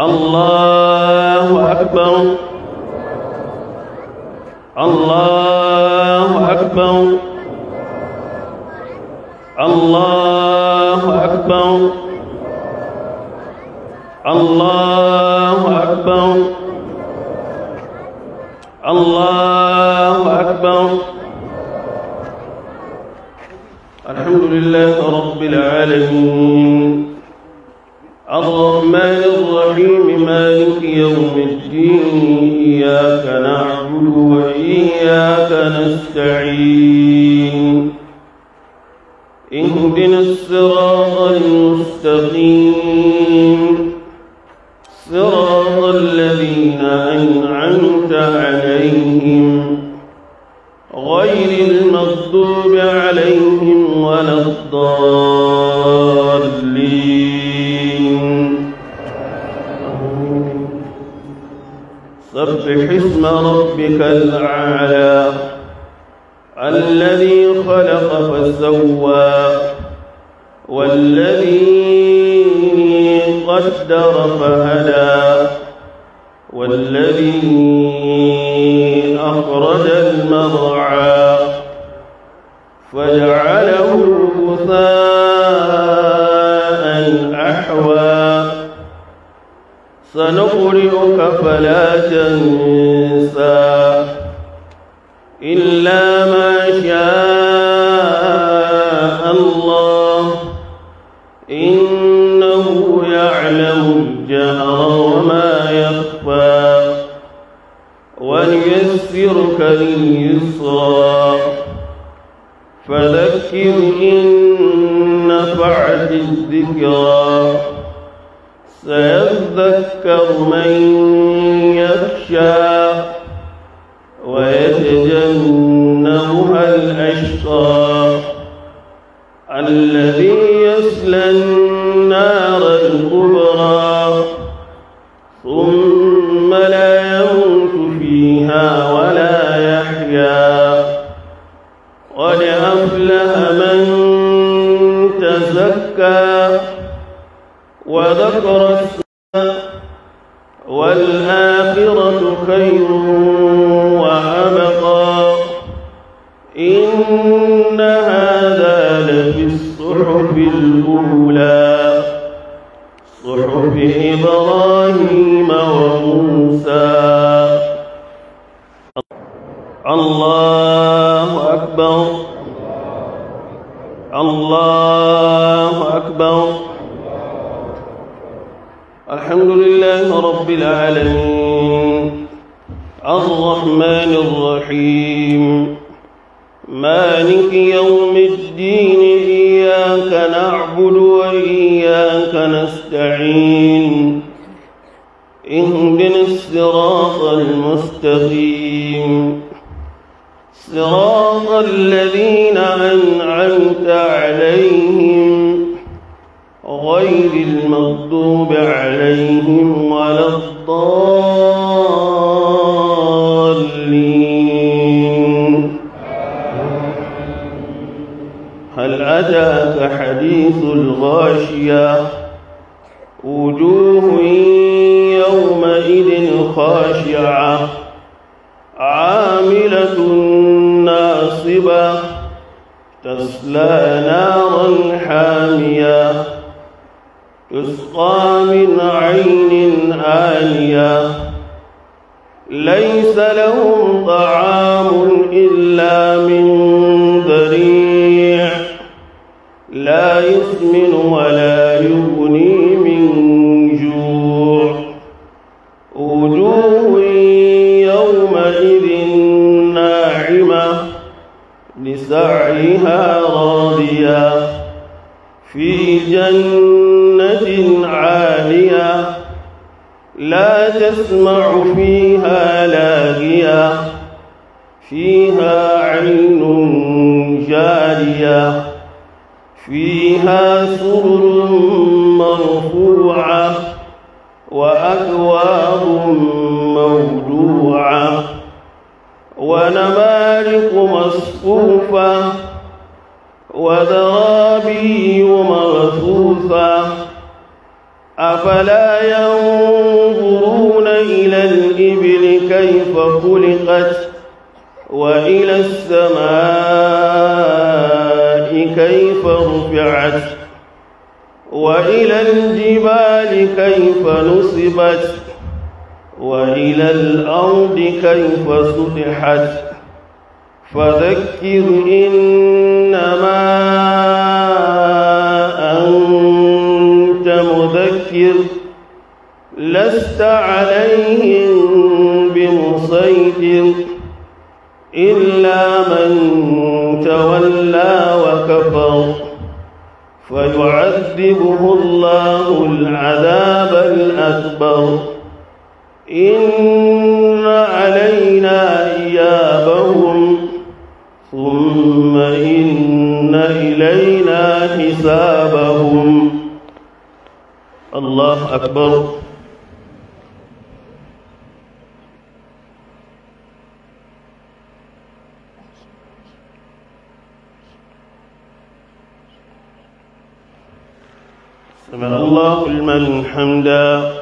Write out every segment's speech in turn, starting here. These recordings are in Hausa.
الله أكبر الله أكبر الله أكبر الله أكبر الله أكبر الحمد لله رب العالمين الرحمن يوم الدين إياك نعبد وإياك نستعين اهدنا الصراط المستقيم وسبح اسم ربك الأعلى الذي خلق فسوى والذي قدر فهدى والذي أخرج المرعى فجعله غثاء سنقرئك فلا تنسى الذي يسلم سعيها راضيا في جنة عالية لا تسمع فيها لاغية فيها عين جارية فيها سرر مرفوعة وأكواب موضوعة ونمارق مصفوفة وذرابي مغثوثة أفلا ينظرون إلى الإبل كيف خلقت وإلى السماء كيف رفعت وإلى الجبال كيف نصبت وإلى الأرض كيف سطحت فذكر إنما أنت مذكر لست عليهم بمسيطر إلا من تولى وكفر فيعذبه الله العذاب الأكبر إن علينا إيابهم ثم إن إلينا حسابهم الله أكبر سمع الله لمن حمدا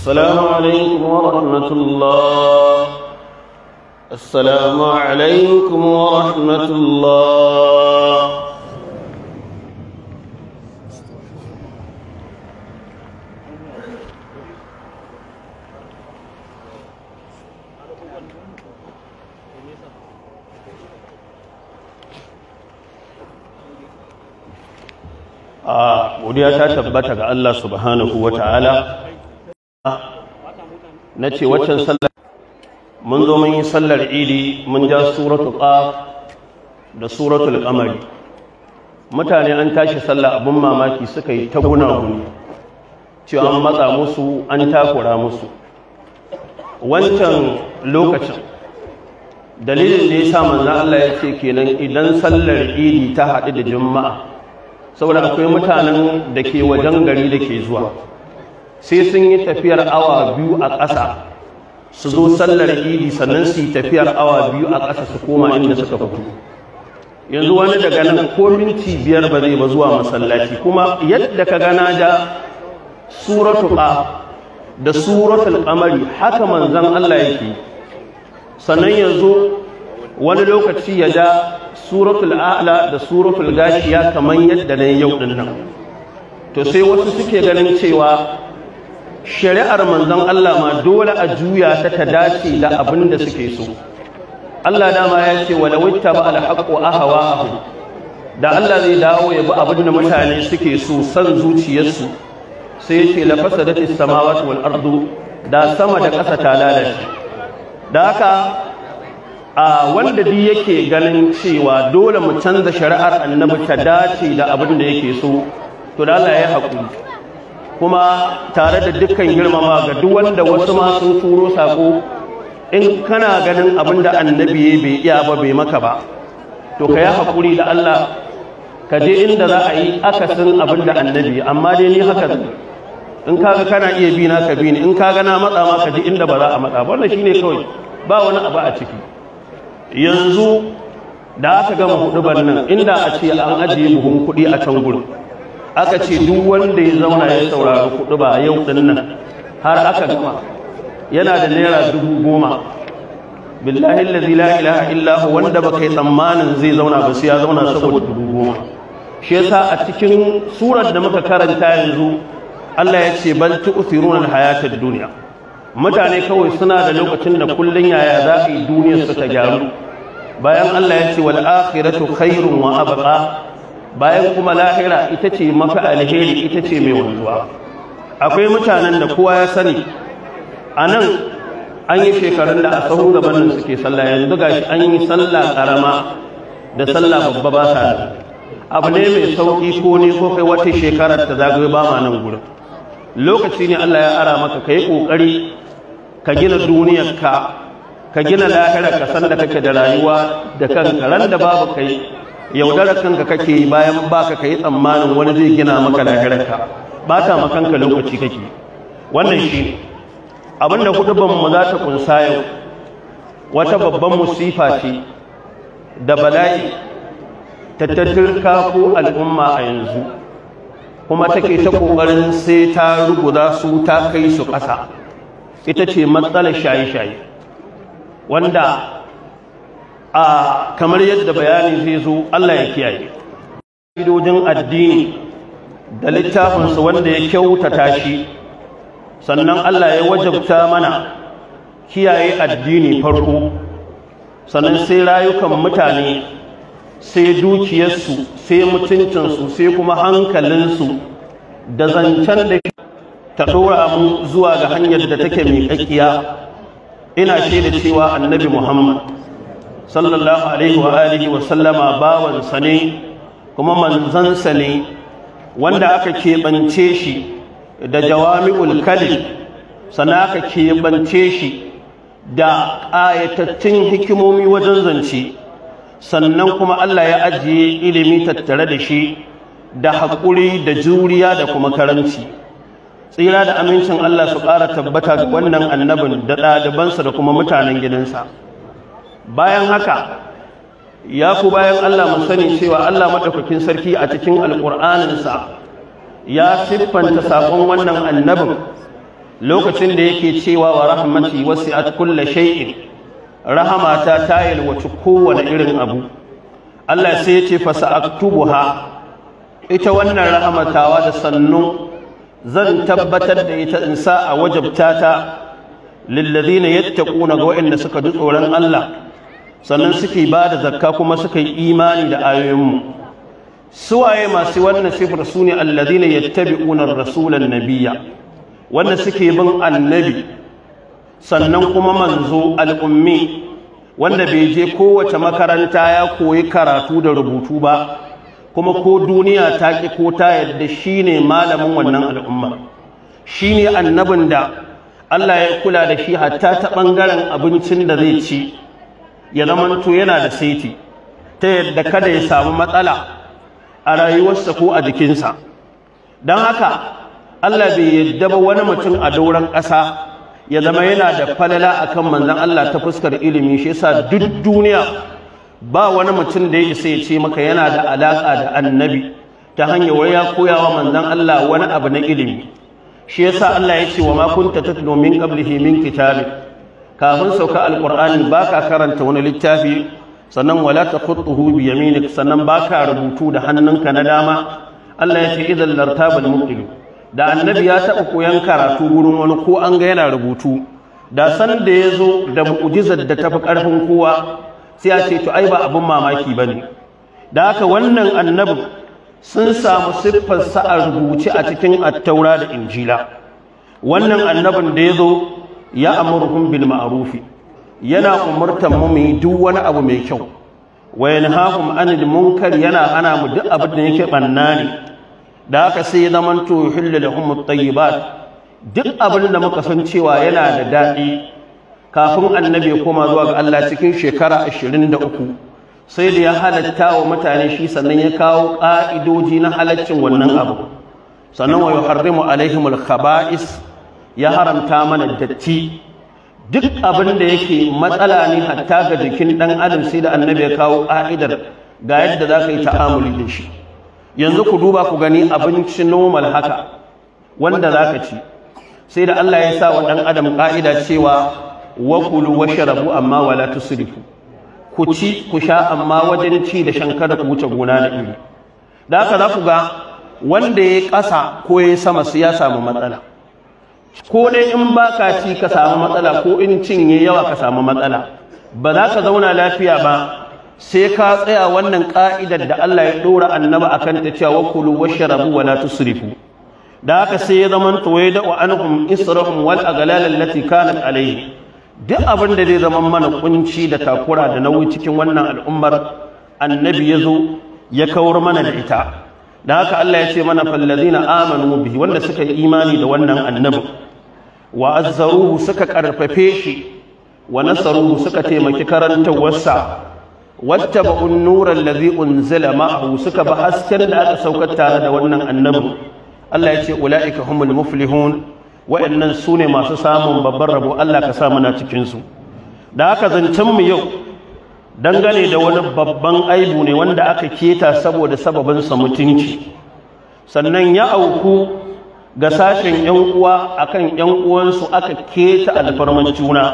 السلام عليكم ورحمة الله السلام عليكم ورحمة الله ah, godiya ta tabbata الله سبحانه وتعالى na ce waccan sallar mun zo mun yi sallar idi mun ja suratul qaf da suratul qamari mutane an tashi sallah abin mamaki suka yi ta guna-guni cewa an matsa musu an takura musu wancan lokacin dalilin da ya sa manzo Allah ya ce kenan idan sallar idi ta haɗu da juma'a saboda akwai mutanen da ke wajen gari da ke zuwa sai sun yi tafiyar awa biyu a ƙasa su zo sallar idi sannan su yi tafiyar awa biyu a ƙasa su koma inda suka fito yanzu wani daga nan ko minti biyar ba zai ba zuwa masallaci kuma yadda ka gana da suratu ba da suratul amari haka manzan Allah yake sannan yanzu wani lokaci ya da suratul a'la da suratul gashiya kamar yadda na yau din nan to sai wasu suke ganin cewa shari'ar manzon Allah ma dole a juya ta ta dace da abin da suke so Allah dama ya ce wala witta ba alhaqu ahwa'ahu da Allah zai dawo ya bi abin da mutane suke so san zuciyarsu sai ya ce la fasadatis samawati wal ardu da sama da ƙasa ta lalace da haka a wanda bi yake ganin cewa dole mu canza shari'ar annabi ta dace da abin da yake so to da Allah ya haƙuri kuma tare da dukkan girmama ga duk wanda wasu ma sun turo sako in kana ganin abin da annabi bai iya ba bai maka ba to ka yi haƙuri da Allah ka je inda za a yi akasin abin da annabi amma dai ni haka in kaga kana iya bi na ka bi ni in kaga na matsa ma ka ji inda ba za a matsa ba wannan shine kawai ba wani abu a ciki yanzu da aka gama hudubar nan inda a ce an ajiye buhun kuɗi a can gurin aka ce duk wanda ya zauna ya saurari kudu ba yau din har aka gama yana da naira dubu goma billahi allazi la ilaha illa hu wanda baka yi tsammanin zai zauna ba sai ya zauna saboda dubu goma shi yasa a cikin surar da muka karanta yanzu Allah ya ce bal tu'thiruna al-hayata dunya mutane kawai suna da lokacin da kullun yaya za su yi duniyar su ta gyaru bayan Allah ya ce wal akhiratu khairun wa abqa bayan kuma lahira ita ce mafi alheri ita ce mai wanzuwa akwai mutanen da kowa ya sani a nan an yi shekarun da a sahu gaban suke sallah yanzu ga shi an yi sallah karama da sallah babba ba sa abu ne mai sauƙi ko ne ko kai wata shekarar ta zagaye ba ma nan gurin lokaci ne Allah ya ara maka ka yi ƙoƙari ka gina duniyarka ka gina lahirar ka san da kake da rayuwa da kanka ran da babu kai yaudarar kanka kake bayan baka kai tsammanin wani zai gina maka lahirarka ba ta makanka lokaci kake wannan shi abinda kudubanmu mu za ta kunsa yau wata babban musifa ce da bala'i tattattirka ko al'umma a yanzu kuma take ta kokarin sai ta ruguza su ta kai su ƙasa ita ce matsalar shaye-shaye wanda a kamar yadda bayani zai zo Allah ya kiyaye idojin addini da littafinsa wanda ya kyautata shi sannan Allah ya wajabta mana kiyaye addini farko sannan sai rayukan mutane sai dukiyarsu sai mutuncinsu sai kuma hankalinsu da zancen da ta ɗora mu zuwa ga hanyar da take mai ƙaƙƙiya ina shaida cewa annabi muhammad sallallahu alaihi wa alihi wa sallama bawansa ne kuma manzansa ne wanda aka keɓance shi da jawami'ul kalim sana aka keɓance shi da ayatattun hikimomi wajen zance sannan kuma Allah ya ajiye ilimi tattare da shi da haƙuri da juriya da kuma karanci tsira da amincin Allah su ƙara tabbata ga wannan annabin da ɗalibansa da kuma mutanen gidansa bayan haka ya ku bayan Allah mu sani cewa Allah madaukakin sarki a cikin sa ya siffanta sabon wannan annabin lokacin da yake cewa wa rahmati wasi'at kulli shay'in rahamata ta yalwaci kowane irin abu Allah sai ya ce fa sa'aktubuha ita wannan rahamatawa da sannu zan tabbatar da ita in sa a wajabtata na lillazina yattaquna ga waɗanda suka ji tsoron Allah sannan suke ba da zakka kuma suka yi imani da ayoyinmu Su waye masu wannan sifar su ne alladina unar rasulan Nabiya? wanda suke bin annabi sannan kuma manzo al'ummi wanda bai je kowace makaranta ya koyi karatu da rubutu ba kuma ko duniya ta ƙi ko ta yadda shi ne malamin wannan al'umma ne annabin da Allah ya kula da shi hatta ta ɓangaren abincin da zai ci ya zamanto yana da saiti ta yadda kada ya samu matsala a rayuwarsa ko a jikinsa don haka Allah bai yadda ba wani mutum a dauran ƙasa ya zama yana da falala akan manzon Allah ta fuskar ilimi shi yasa duk duniya ba wani mutum da ya isa ya ce maka yana da alaƙa da annabi ta hanyar wai ya koya wa manzon Allah wani abu na ilimi shi yasa Allah ya ce wa ma kunta tatlu min qablihi min kitabin kafin sauka ba baka karanta wani littafi sannan wala hubi ya minik sannan baka rubutu da hannunka na dama Allah ya ce idan lartabal ba. da annabi ya taɓa koyan karatu wurin wani ko an ga yana rubutu da san da zo da mu'ujizar da tafi ƙarfin kowa sai ya ce to ai ba abin mamaki ba ne. da haka wannan annabi sun samu siffar sa a rubuce a cikin attaura da injila wannan annabin da ya zo. ya amurkum bil ma'rufi yana umurtan mu mu duk wani abu mai kyau wa yanhahum anil munkar yana hana mu duk abin da yake banna ne da aka sai zaman to yuhillu lahum at-tayyibat duk abin da muka san cewa yana da daɗi kafin annabi ya koma zuwa ga Allah cikin shekara 23 sai da ya halatta wa mutane shi sannan ya kawo ƙa'idoji na halaccin wannan abu sannan wa yuharrimu alaihimul khaba'is ya haramta mana datti duk abin da yake matsala ne hatta ga jikin ɗan adam sai da annabi ya kawo ƙa'idar ga yadda za ka yi ta'amuli da shi yanzu ku duba ku gani abinci normal haka wanda za ka ci sai da Allah ya sa wa ɗan adam ƙa'ida cewa wa kulu wa sharabu amma wala tusrifu ku ci ku sha amma wajen ci da shan kada ku wuce gona da iri da haka za ku ga wanda ya ƙasa ko ya sama su ya samu matsala ko dai in baka ci ka samu matsala ko in cinye yawa ka samu matsala ba za ka zauna lafiya ba sai ka tsaya wannan ka'idar da Allah ya ɗora annaba akan ta cewa kulu washrabu wa la tusrifu da haka sai ya zaman to ya da anhum israhum wal aghlal allati kanat alayhi duk abin da zai zama mana kunci da takura da nauyi cikin wannan al'ummar annabi ya zo ya kawar mana da ita da haka Allah ya ce mana fallazina amanu bihi wanda suka yi imani da wannan annabi wa azzaruhu suka karfafe shi wa nasaruhu suka taimaki wasa. wattaba'u an-nura allazi unzila ma'ahu suka ba hasken da aka saukar tare da wannan annabi Allah ya ce ulaika humul muflihun wa'annan sune masu samun babbar rabo Allah ka sa muna cikin su da haka zancen mu yau dangane da wani babban aibu ne wanda aka keta saboda sababinsa mutunci sannan ya auku ga sashen yan uwa kan yan uwansu aka keta alfarman juna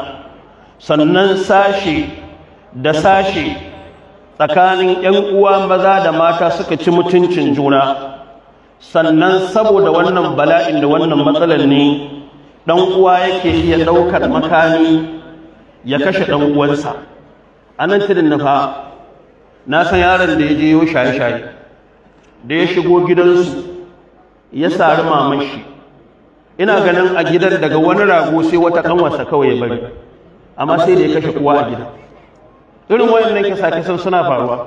sannan sashe da sashe tsakanin yan uwa maza da mata suka ci mutuncin juna sannan saboda wannan bala'in da wannan matsalar ne ɗan uwa yake iya ɗaukar makami ya kashe ɗan'uwansa uwansa anan nan tudun na na san yaron da ya je yau shaye-shaye da ya shigo gidansu ya sari maman shi ina ganin a gidan daga wani rago sai wata kanwarsa kawai ya bari amma sai da ya kashe kuwa a gidan irin nan kisa-kisan suna faruwa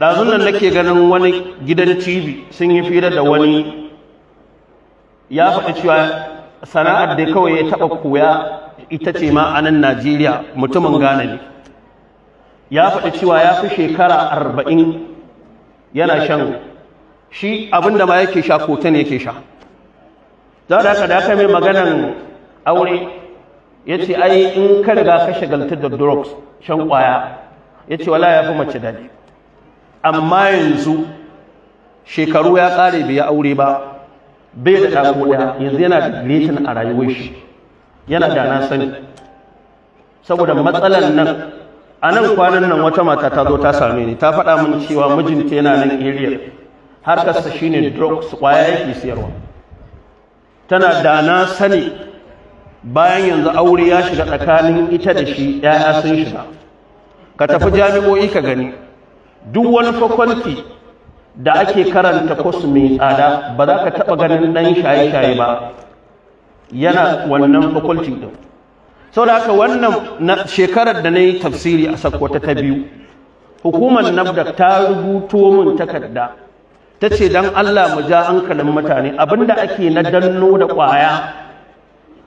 ɗazun nan nake ganin wani gidan tv sun yi fira da wani ya faɗi cewa sana'ar da kawai ya taɓa koya ita ce ma a nan najeriya mutumin gane ne ya faɗi cewa ya fi shekara arba'in yana shan shi abinda ma yake sha ko ta yake sha za da aka daka mai maganan aure ya ce ai in ka riga ka shagaltar da drugs shan kwaya. ya ce wala ya fi mace daɗi amma yanzu shekaru ya ƙare bai ya aure ba bai da ɗago ɗaya yanzu yana da gretin a rayuwar shi yana da na sani saboda matsalar nan a nan kwanan nan wata mata ta zo ta same ni ta faɗa min cewa mijinta yana nan area har kasa shine drugs kwaya yake siyarwa tana da na sani bayan yanzu aure ya shiga tsakanin ita da shi 'ya'ya sun shiga ka tafi jami'o'i ka gani duk wani fakwanti da ake karanta kwasu mai tsada ba za ka taɓa ganin ɗan shaye-shaye ba yana wannan fakwaltin ɗin sau da haka wannan shekarar da na yi tafsiri a sakwata ta biyu hukumar nabdak ta rubuto min takarda ta ce don allah mu ja hankalin mutane abinda ake na danno da kwaya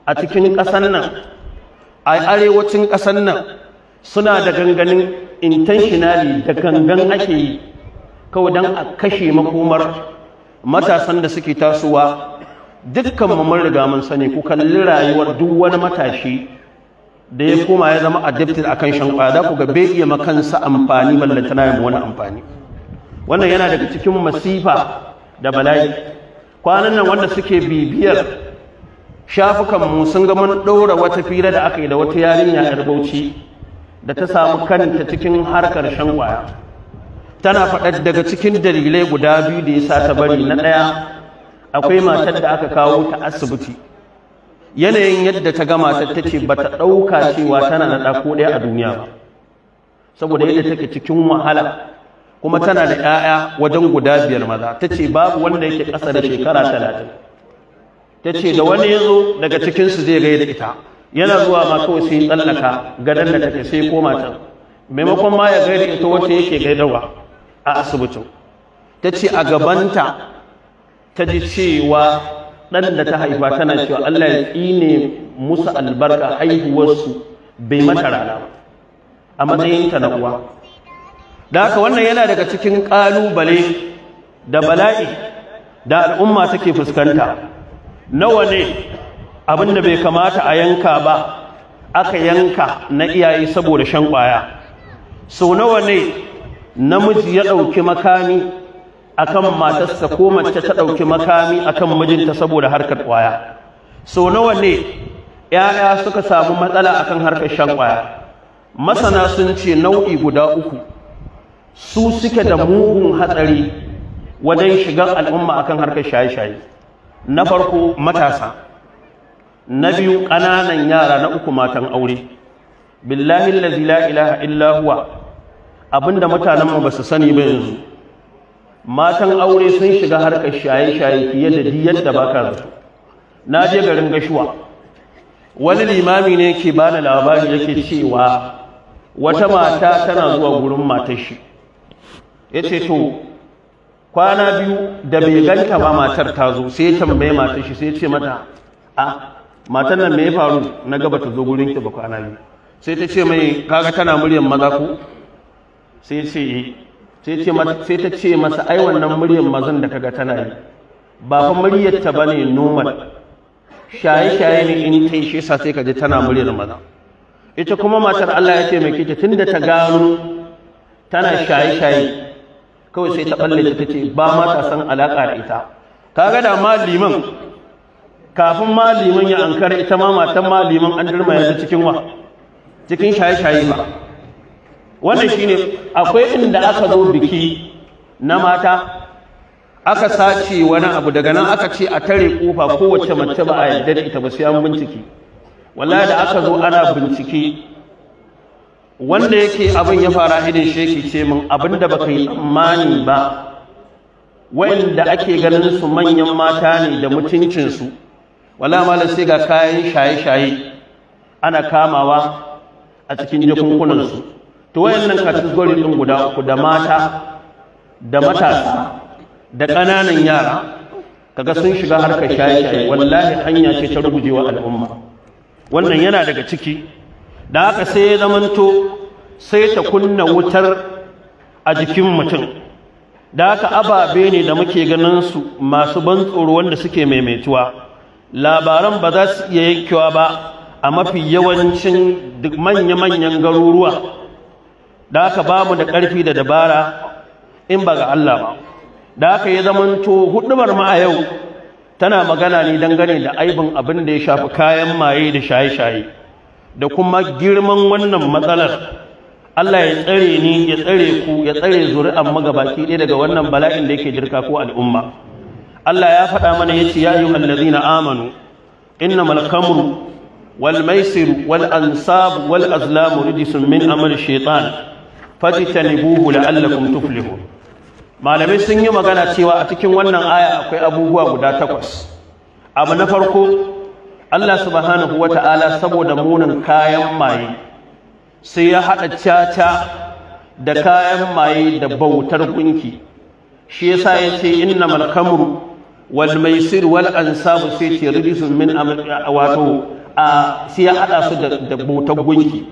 a cikin ƙasar nan a arewacin ƙasar nan suna da ganganin intentionally da gangan ake yi kawai don a kashe makomar matasan da suke tasowa dukkan mun riga mun sani ku kalli rayuwar duk wani matashi da ya koma ya zama addicted akan shan kwaya ku ga iya makansa amfani na ya wani amfani wannan yana daga cikin masifa da bala'i kwanan nan wanda suke bibiyar shafukan mu sun ga mun ɗora wata fira da aka yi da wata yarinya yar bauchi da ta samu kanta cikin harkar shan tana faɗa daga cikin dalilai guda biyu da ya sa ta bari na ɗaya akwai matar da aka kawo ta asibiti yanayin yadda ta gama ta tace ta ɗauka cewa tana na dako ɗaya a duniya ba saboda yadda take cikin wahala kuma tana da 'ya'ya wajen guda biyar maza tace babu wanda yake ƙasa da shekara 30 tace da wani ya zo daga cikin su zai gaida ita yana zuwa ma kawai sai tsallaka gadan da take sai koma can maimakon ma ya gaida ita wacce yake gaidawa a asibitin tace a gabanta ta ji cewa ɗan da ta haifa tana cewa Allah ya tsine musu albarka haihuwarsu bai mata rana a matsayinta na uwa da haka wannan yana daga cikin ƙalubale da bala'i da al'umma take fuskanta nawa ne abin da bai kamata a yanka ba aka yanka na iyaye saboda shan ƙwaya sau nawa ne namiji ya ɗauki makami akan matarsa ko mace ta dauki makami akan mijinta saboda harkar kwaya. so nawa ne ‘ya'ya suka samu matsala akan harkar shan ƙwaya masana sun ce nau'i guda uku su suke da mugun hatsari wajen shigar al'umma akan harkar shaye-shaye na farko matasa na biyu ƙananan yara na uku matan aure billahi la ilaha illa huwa abinda mutanenmu ba su sani ba yanzu matan aure sun shiga harkar shaye-shaye fiye da diyar yadda baka zato na je garin gashuwa wani limami ne ke ba da labari yake cewa wata mata tana zuwa gurin matar shi Ya ce to kwana biyu da bai ganta ba matar ta zo sai ta tambaye matar shi sai ce mata a matan nan mai faru na gaba ta zo gurin ki ba kwana biyu sai ta ce mai kaga tana muryar maza ko sai ce eh. sai ta ce masa ai wannan muryar mazan da kaga tana yi ba fa muryar ta bane normal shaye shaye ne in ta shi sa sai kaje tana muryar maza ita kuma matar Allah ya ce mai tun da ta gano tana shaye shaye kawai sai ta balle ta ce ba ma ta san alaka da ita kaga da maliman kafin maliman ya ankara ita ma matan maliman an dirma yanzu cikin wa cikin shaye shaye ba wannan shi ne akwai inda aka zo biki na mata aka sace wani abu daga nan aka ce a tare kofa kowace mace ba a yarda da ita ba sai an bincike wallahi da aka zo ana bincike wanda yake abin ya fara idan sheki ce min abin da baka yi tsammani ba wanda ake ganin su manyan mata ne da mutuncinsu wala malam sai ga kayan shaye-shaye ana kamawa a cikin jakunkunansu to wayannan category din guda uku da mata da matasa da ƙananan yara kaga sun shiga harkar shaye-shaye wallahi hanya ce ta rugujewa al'umma wannan yana daga ciki da aka sai ya zamanto sai ta kunna wutar a jikin mutum da haka ababe ne da muke ganin su masu ban tsoro wanda suke maimaituwa labaran ba za su iya yankewa ba a mafi yawancin duk manya-manyan garuruwa da aka ba mu da ƙarfi da dabara in ba ga Allah ba da haka ya zamanto hudubar ma a yau tana magana ne dangane da aibin abin da ya shafi kayan maye da shaye-shaye da kuma girman wannan matsalar Allah ya tsare ni ya tsare ku ya tsare zuri'an magabaki ɗaya daga wannan bala'in da yake jirka ko al'umma Allah ya faɗa mana ya ce ya yi allazina amanu innamal khamru wal maisiru wal ansabu wal azlamu rijisun min amal shaitan fajtanibuhu la'allakum tuflihun malamai sun yi magana cewa a cikin wannan aya akwai abubuwa guda takwas abu na farko Allah subhanahu Ta'ala saboda munin kayan maye sai ya haɗa caca da kayan maye da bautar gunki shi yasa ce innamal khamru wal maisir wal ansabu sai ce rijisun min wato a sai ya haɗa su da bautar gunki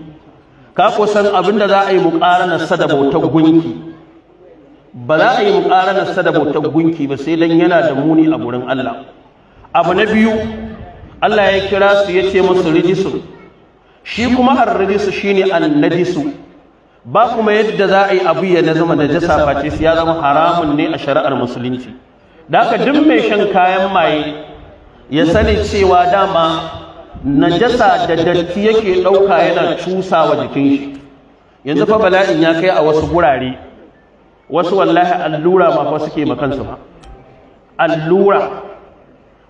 ka ko san abin da za a yi muƙaranar na sada bauta gunki ba za a yi muƙara na sada bauta gunki ba sai dan yana da muni a gurin Allah abu na biyu Allah ya kira su ya ce musu rijisu shi kuma har rijisu shine an ba kuma yadda za a yi abu ya zama da jasa, face su ya zama haramun ne a shari'ar musulunci da haka duk mai shan kayan maye ya sani cewa dama najasa da datti yake ɗauka yana cusa wa jikin shi yanzu fa bala'in ya kai a wasu gurare wasu wallahi allura ma fa suke makansu ba allura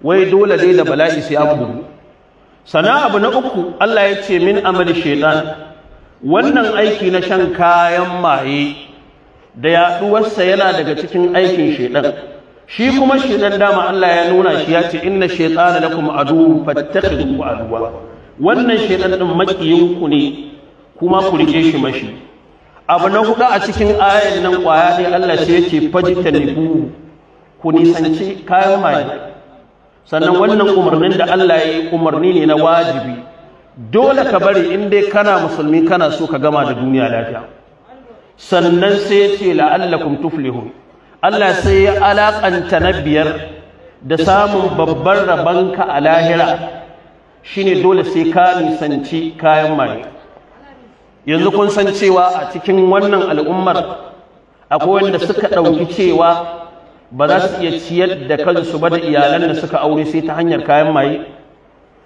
wai dole dai da bala'i sai an buru sana abu na uku Allah ya ce min amal shaitan wannan aiki na shan kayan maye da yaɗuwarsa yana daga cikin aikin shaitan shi kuma shi dan dama Allah ya nuna shi ya ce inna shaytana lakum adu fattakhidhu adwa wannan shaytan din makiyinku ne kuma ku rike shi mashi abu na hudu a cikin ayar nan kwaya ne Allah sai yake fajtanibu ku nisanci kayan maye sannan wannan umarnin da Allah ya yi umarni ne na wajibi dole ka bari in dai kana musulmi kana so ka gama da duniya lafiya sannan sai ya ce la'allakum tuflihun Allah sai ya alaƙanta na biyar da samun babban rabanka a lahira shine dole sai ka nisanci kayan maye yanzu kun san cewa a cikin wannan al'ummar akwai wanda suka ɗauki cewa ba za su iya ciyar da kansu ba da iyalan da suka aure sai ta hanyar kayan maye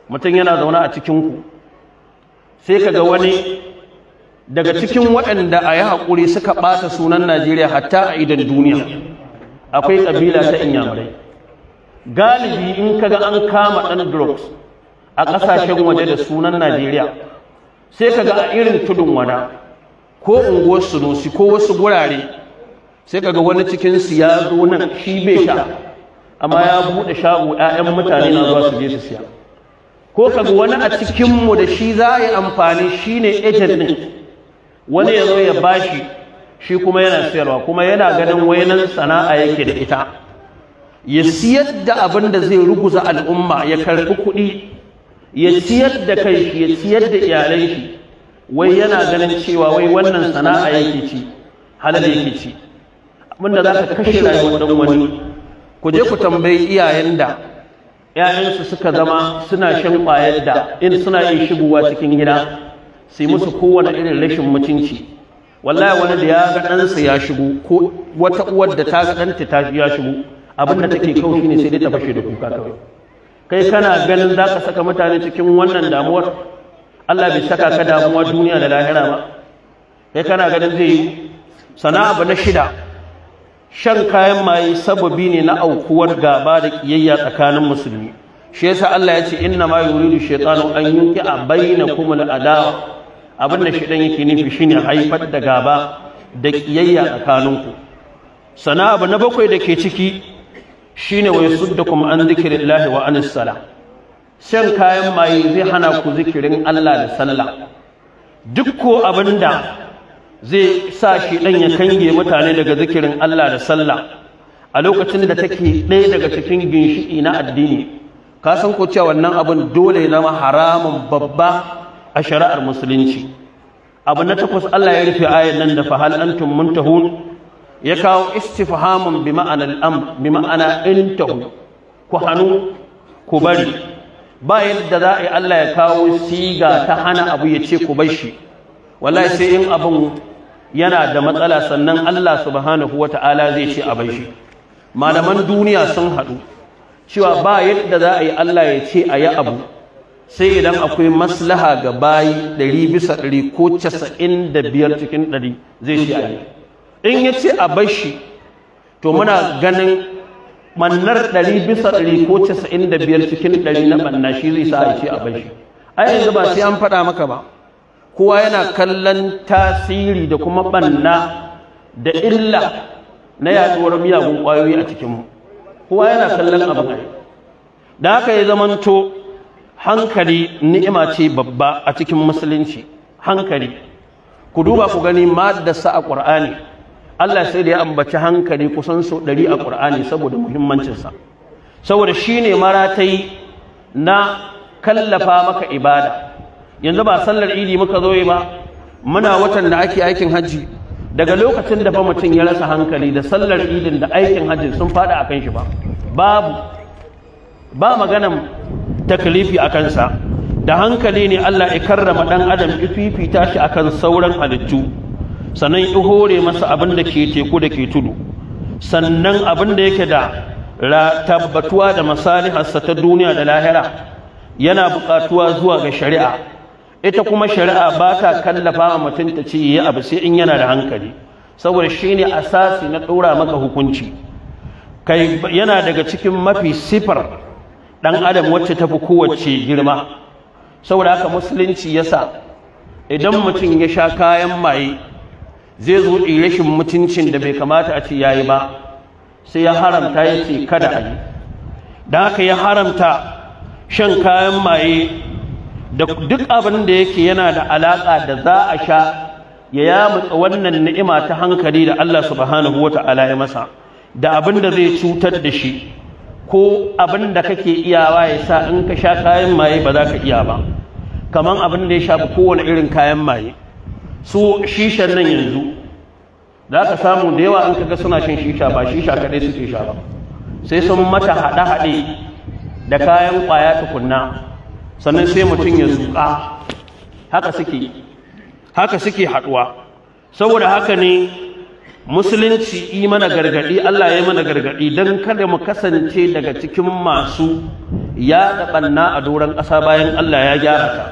mutum yana zaune a cikinku sai ka ga wani daga cikin waɗanda a yi haƙuri suka ɓata sunan najeriya hatta a idan duniya akwai ƙabila ta inyamurai galibi in ka ga an kama ɗan drugs a ƙasashen waje da sunan najeriya sai kaga a irin tudun wana ko unguwar sunusi ko wasu gurare sai kaga wani cikinsu ya nan shi bai sha amma ya buɗe shago 'ya'yan mutane na zuwa su je su siya ko kaga wani a cikinmu da shi za a yi amfani shi ne ejen ne. wani ya zo ya bashi shi kuma yana sayarwa kuma yana ganin wainan sana'a yake da ita ya siyar da abin da zai ruguza al'umma ya karfi kuɗi ya siyar da kai ya siyar da iyalan shi wai yana ganin cewa wai wannan sana'a yake ci halal yake ci abin da za ka kashe rayuwar dan wani ku je ku tambayi iyayen da ‘ya'yansu suka zama suna shan ƙwayar da in suna yin shigowa cikin gida sai musu kowane irin rashin mutunci wallahi wani da ya ga ɗansa ya shigo ko wata uwar da ta ga ɗanta ta ya shigo abin da take shi ne sai dai ta fashe da kuka kawai kai kana ganin za ka saka mutane cikin wannan damuwar Allah bai saka ka damuwa duniya da lahira ba kai kana ganin zai yi sana'a ba na shida shan kayan maye sababi ne na aukuwar gaba da kiyayya tsakanin musulmi shi yasa Allah ya ce inna ma yuridu shaytanu an yunqi'a bainakum al-adawa abin da shiɗan yake nufi shine haifar da gaba da kiyayya tsakaninku sana abu na bakwai da ke ciki shine wa kuma an lahi wa anis sala shan kayan maye zai hana ku zikirin Allah da sallah duk ko abin da zai sa shi ɗan ya kange mutane daga zikirin Allah da sallah a lokacin da take ɗaya daga cikin ginshiki na addini ka san ko cewa wannan abin dole ya zama haramun babba a shari'ar musulunci abu na takwas Allah ya rufe ayan nan da fahal antum muntahun ya kawo istifhamun bi ma'ana al'am bi ma'ana intahu ku hanu ku bari ba yadda za a yi Allah ya kawo siga ta hana abu ya ce ku bar shi wallahi sai in abin yana da matsala sannan Allah subhanahu ta'ala zai ce a bar shi malaman duniya sun haɗu cewa ba yadda za a yi Allah ya ce a yi abu sai idan akwai maslaha ga bayi ɗari bisa ɗari ko casa'in da biyar cikin ɗari zai shi a yi in ya ce a shi to muna ganin mannar ɗari bisa ɗari ko casa'in da biyar cikin ɗari na manna shi zai sa a ce a shi. a yanzu ba sai an faɗa maka ba kowa yana kallon tasiri da kuma ɓanna da illa na yaɗuwar miyagun ƙwayoyi a cikinmu kowa yana kallon abin da haka ya zamanto hankali ni'ima ce babba a cikin musulunci hankali ku duba ku gani maddarsa a ƙur'ani Allah sai da ya ambaci hankali kusan sau ɗari a ƙur'ani saboda muhimmancinsa saboda shi ne maratai na kallafa maka ibada yanzu ba sallar idi muka zo ba muna watan da ake aikin hajji daga lokacin da fa mutum ya rasa hankali da sallar idin da aikin hajji sun faɗa a kan shi ba babu ba maganan taklifi a kansa da hankali ne Allah ya karrama ɗan adam ya fifita shi akan sauran halittu sannan ya hore masa abin da ke teku da ke tudu sannan abin da yake da tabbatuwa da masaliharsa ta duniya da lahira yana buƙatuwa zuwa ga shari'a ita kuma shari'a ba ta kallafa wa mutum ta ce yi abu sai in yana da hankali saboda shine asasi na ɗora maka hukunci kai yana daga cikin mafi sifar ɗan adam wacce ta fi kowace girma saboda haka musulunci yasa idan mutum ya sha kayan maye zai zo rashin mutuncin da bai kamata a ce ya yi ba sai ya haramta ya ce kada a yi don haka ya haramta shan kayan maye da duk abin da yake yana da alaƙa da za a sha ya yamutsa wannan ni'ima ta hankali da Allah subhanahu wa ta'ala ya masa da abin da zai cutar da shi ko abin da kake iyawa ya sa in ka sha kayan maye ba za ka iya ba kamar abin da ya shafi kowane irin kayan maye su shishan nan yanzu za ka samu da yawa in kaga suna shan shisha ba shisha kaɗai suke sha ba sai sun mata haɗe-haɗe da kayan ƙwaya tukunna sannan sai mutum ya zuƙa haka suke haka suke haɗuwa saboda haka ne musulunci yi mana gargaɗi Allah ya yi mana gargaɗi don kada mu kasance daga cikin masu ya ɓanna a doron ƙasa bayan Allah ya gyara ta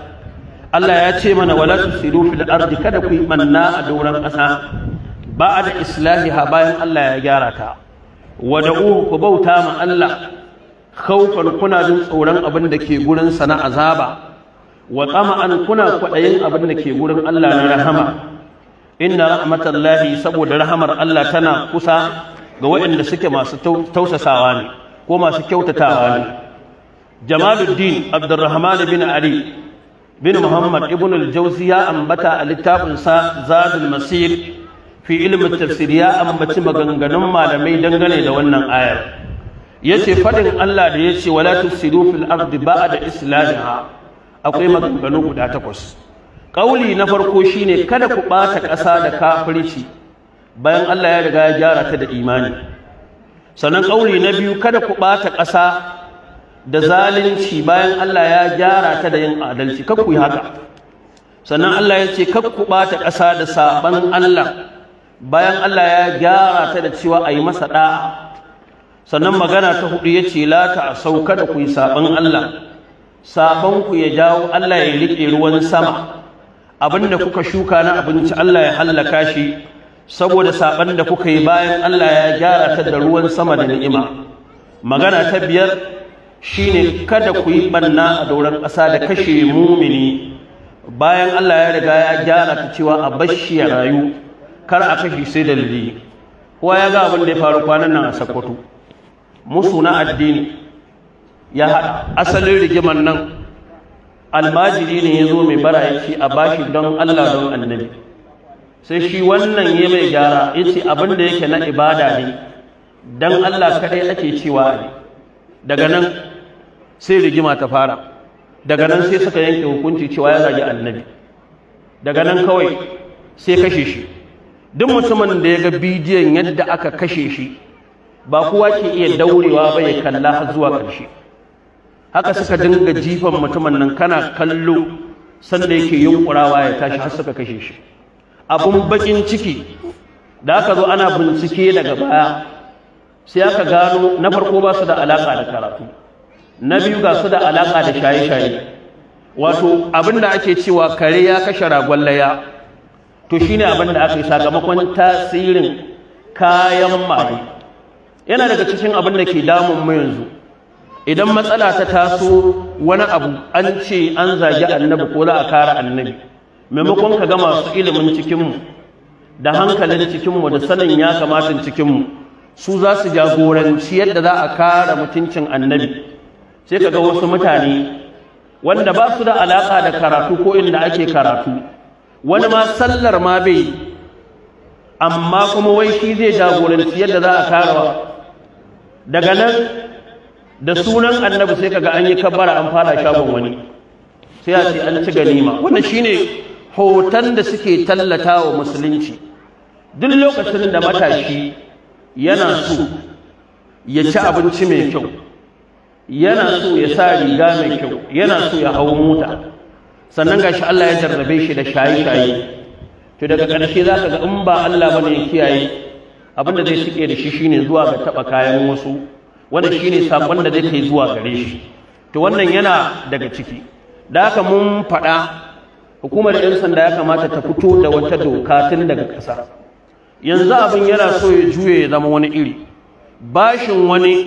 Allah ya ce mana wala tusiru fil ardi kada ku yi ɓanna a doron ƙasa ba da islahi ha bayan Allah ya gyara ta Wada wada'u ku bauta ma Allah khawfan kuna jin tsoron abin da ke gurin sana azaba wa tsama'an kuna kwaɗayin abin da ke gurin Allah na rahama inna rahmatallahi saboda rahamar Allah tana kusa ga waɗanda suke masu tausasawa ne ko masu kyautatawa ne jamaluddin abdurrahman bin ali bin muhammad ibn al-jawzi ya ambata a sa, zadul masir fi ilmin tafsir ya ambaci maganganun malamai dangane da wannan ayar yace fadin Allah da yace wala tusiru fil ardi ba'da islahiha akwai maganganu guda takwas ƙauli na farko shine kada ku ɓata ƙasa da kafirci bayan Allah ya riga ya gyara ta da imani sannan ƙauli na biyu kada ku ɓata ƙasa da zalunci bayan Allah ya gyara ta da yin adalci kada ku yi haka sannan Allah ya ce kada ku ɓata ƙasa da saban Allah bayan Allah ya gyara ta da cewa a yi masa ɗa'a sannan magana ta hudu ya ce lata a sauka da ku yi sabon Allah saɓanku ya jawo Allah ya riƙe ruwan sama Abin da kuka shuka na abinci Allah ya hallaka shi saboda saban da kuka yi bayan Allah ya gyara ta da ruwan sama da ni'ima magana ta biyar shine kada ku yi banna a dauran ƙasa da kashe mumini bayan Allah ya riga ya gyara ta cewa a bashi ya rayu kar a kashe sai da lili kowa ya ga abin da ya faru kwanan nan a Sokoto musu na addini ya haɗa asalin rigiman nan almajiri ne ya zo mai bara ce a bashi don Allah don annabi sai shi wannan ya mai gyara ya ce abin yake na ibada ne don Allah kaɗai ake cewa ne daga nan sai rigima ta fara daga nan sai suka yanke hukunci cewa ya zagi annabi daga nan kawai sai kashe shi duk mutumin da ya ga bidiyon yadda aka kashe shi ba kowa ke iya daurewa ba ya kalla har zuwa ƙarshe haka suka dinga jifan mutumin nan kana kallo sanda yake yunkurawa ya tashi har suka kashe shi abun bakin ciki da aka zo ana bincike daga baya sai aka gano na farko ba su da alaka da karatu na biyu ga su da alaka da shaye-shaye wato abin da ake cewa kare ya kashe ragwallaya laya to shine abin da aka yi sakamakon tasirin kayan mai yana daga cikin abin da ke damun mu yanzu idan matsala ta taso wani abu an ce an zagi annabi ko za a kara annabi maimakon ka ga masu ilimin cikinmu da hankalin cikinmu da sanin ya kamata cikinmu su za su jagoranci yadda za a kara mutuncin annabi sai ka ga wasu mutane wanda ba su da alaƙa da karatu ko inda ake karatu wani ma sallar ma bai amma kuma wai shi zai jagoranci yadda za a kara daga nan da sunan annabi sai kaga an yi kabbara an fara shagon wani sai a ce an ci ganima wannan shine hoton da suke tallata wa musulunci duk lokacin da matashi yana so ya ci abinci mai kyau yana so ya sa riga mai kyau yana so ya hau mota sannan gashi Allah ya jarrabe shi da shaye-shaye to daga ƙarshe za ka ga in ba Allah ne ya kiyaye abinda zai suke da shi shine zuwa ga taɓa kayan wasu wanda ne saƙon da zai kai zuwa gare shi to wannan yana daga ciki da aka mun faɗa hukumar 'yan sanda ya kamata ta fito da wata doka tun daga ƙasa yanzu abin yana so ya juye ya zama wani iri bashin wani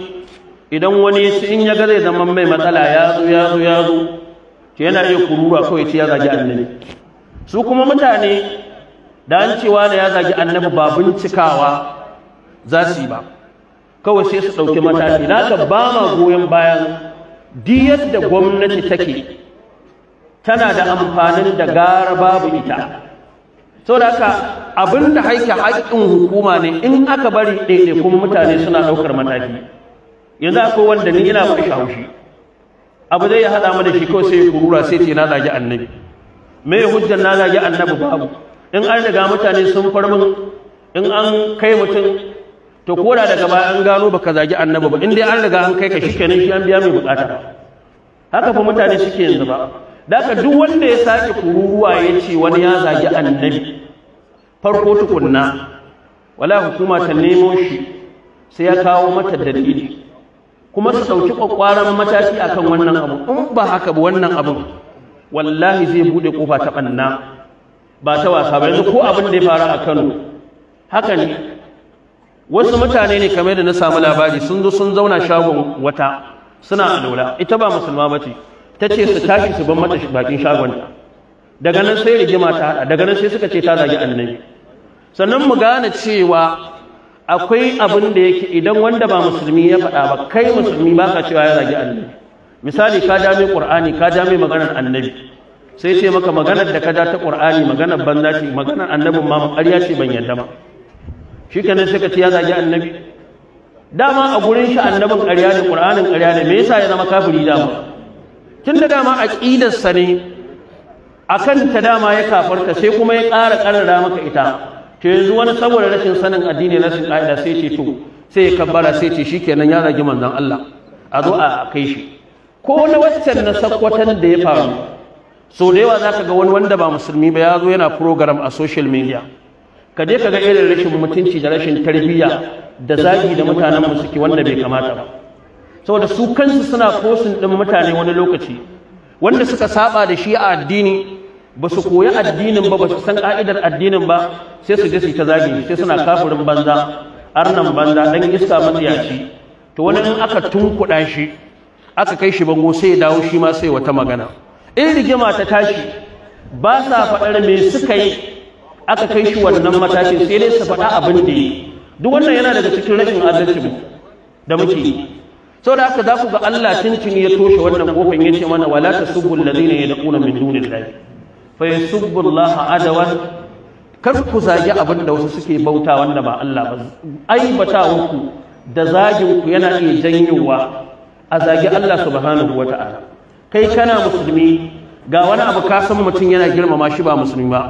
idan wani su in ya ga zai zama mai matsala ya zo ya zo ya zo ke yana iya kururuwa kawai ce ya zagi annabi su kuma mutane da an cewa da ya zagi annabi ba bincikawa za su yi ba kawai sai su ɗauki mataki na ka ba ma goyon bayan diyar da gwamnati take tana da amfanin da gara babu ita sau da haka abin da haike haƙƙin hukuma ne in aka bari ɗaiɗe kuma mutane suna ɗaukar mataki yanzu akwai wanda ni yana bashi haushi abu zai ya haɗa mana shi kawai sai kurura sai ce na zagi annabi me hujjar na zagi annabi babu in an daga mutane sun farmin in an kai mutum to ko da daga baya an gano baka zagi annabi ba in dai an riga an kai ka kenan shi an biya mai bukata haka fa mutane suke yanzu ba daga duk wanda ya sake kururuwa ya ce wani ya zagi annabi farko tukunna wala hukuma ta nemo shi sai ya kawo mata dalili kuma su ɗauki kwakwaran mataki akan wannan abu in ba haka ba wannan abin wallahi zai bude kofa ta banna ba ta wasa ba yanzu ko abin da ya fara a kano haka ne wasu mutane ne kamar da na samu labari sun zo sun zauna shagon wata suna alola ita ba musulma ce. ta ce su tashi su ban mata bakin ta. daga nan sai rigima ta hada daga nan sai suka ce ta zagi annabi sannan mu gane cewa akwai abin da yake idan wanda ba musulmi ya faɗa ba kai musulmi ba ka cewa ya zagi annabi misali ka ja mai qur'ani ka ja mai maganar annabi sai ce maka maganar da ka ja ta qur'ani maganar banza ce maganar annabin ma ƙarya ce ban yadda ba shi kenan suka ce ya zagi annabi dama a gurin shi annabin ƙarya ne ƙur'anin ƙarya ne me yasa ya zama kafiri dama tun da dama aƙidarsa ne a kan ta dama ya kafarta sai kuma ya ƙara ƙarara maka ita to yanzu wani saboda rashin sanin addini na rashin ƙa'ida sai ce to sai ya kabbara sai ce shi nan ya zagi manzon Allah a zo a kai shi ko na waccan na sakwatan da ya faru sau da yawa za ka ga wani wanda ba musulmi ba ya zo yana program a social media ka je ka ga irin rashin mutunci da rashin tarbiyya da zagi da mutanen mu suke wanda bai kamata ba saboda su kansu suna kosin din mutane wani lokaci wanda suka saba da shi a addini ba su koyi addinin ba ba su san ka'idar addinin ba sai su je su ta zagi sai suna kafirin banza arnan banza dan iska matsiyaci to wani in aka tunkuɗa shi aka kai shi bango sai ya dawo shi ma sai wata magana in rigima ta tashi ba sa faɗar me suka yi aka kai shi wannan matakin sai dai su faɗa abin da yi duk wannan yana daga cikin rashin adalci da muke yi sau da aka za ga Allah tuntun ya toshe wannan kofin ya ce mana wala ta subbu alladhina yad'una min dunillahi fa yasubbu Allah adawa, kar ku zagi abin da wasu suke bauta wanda ba Allah ba bata ku da zagin ku yana iya janyowa a zagi Allah subhanahu wata'ala kai kana musulmi ga wani abu ka san mutum yana girmama shi ba musulmi ba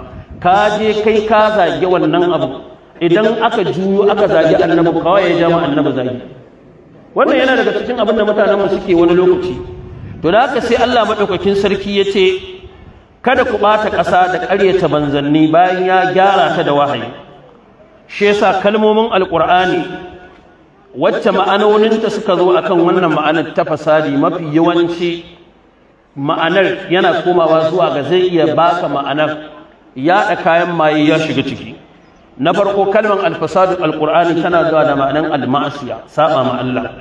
ka je kai ka zage wannan abu idan aka juyo aka zage annabi kawai ya jama annabi zage wannan yana daga cikin abin da mutanen mu suke wani lokaci to da haka sai Allah madaukakin sarki ya ce kada ku bata ƙasa da ƙaryata banzanni bayan ya gyara ta da wahayi shi yasa kalmomin alqur'ani wacce ma'anoninta suka zo akan wannan ma'anar ta fasadi mafi yawanci ma'anar yana komawa zuwa ga zai iya baka ma'anar yaɗa kayan maye ya shiga ciki na farko kalmar alfasadu Alƙur'ani tana zuwa da ma'anan almasiya saba ma Allah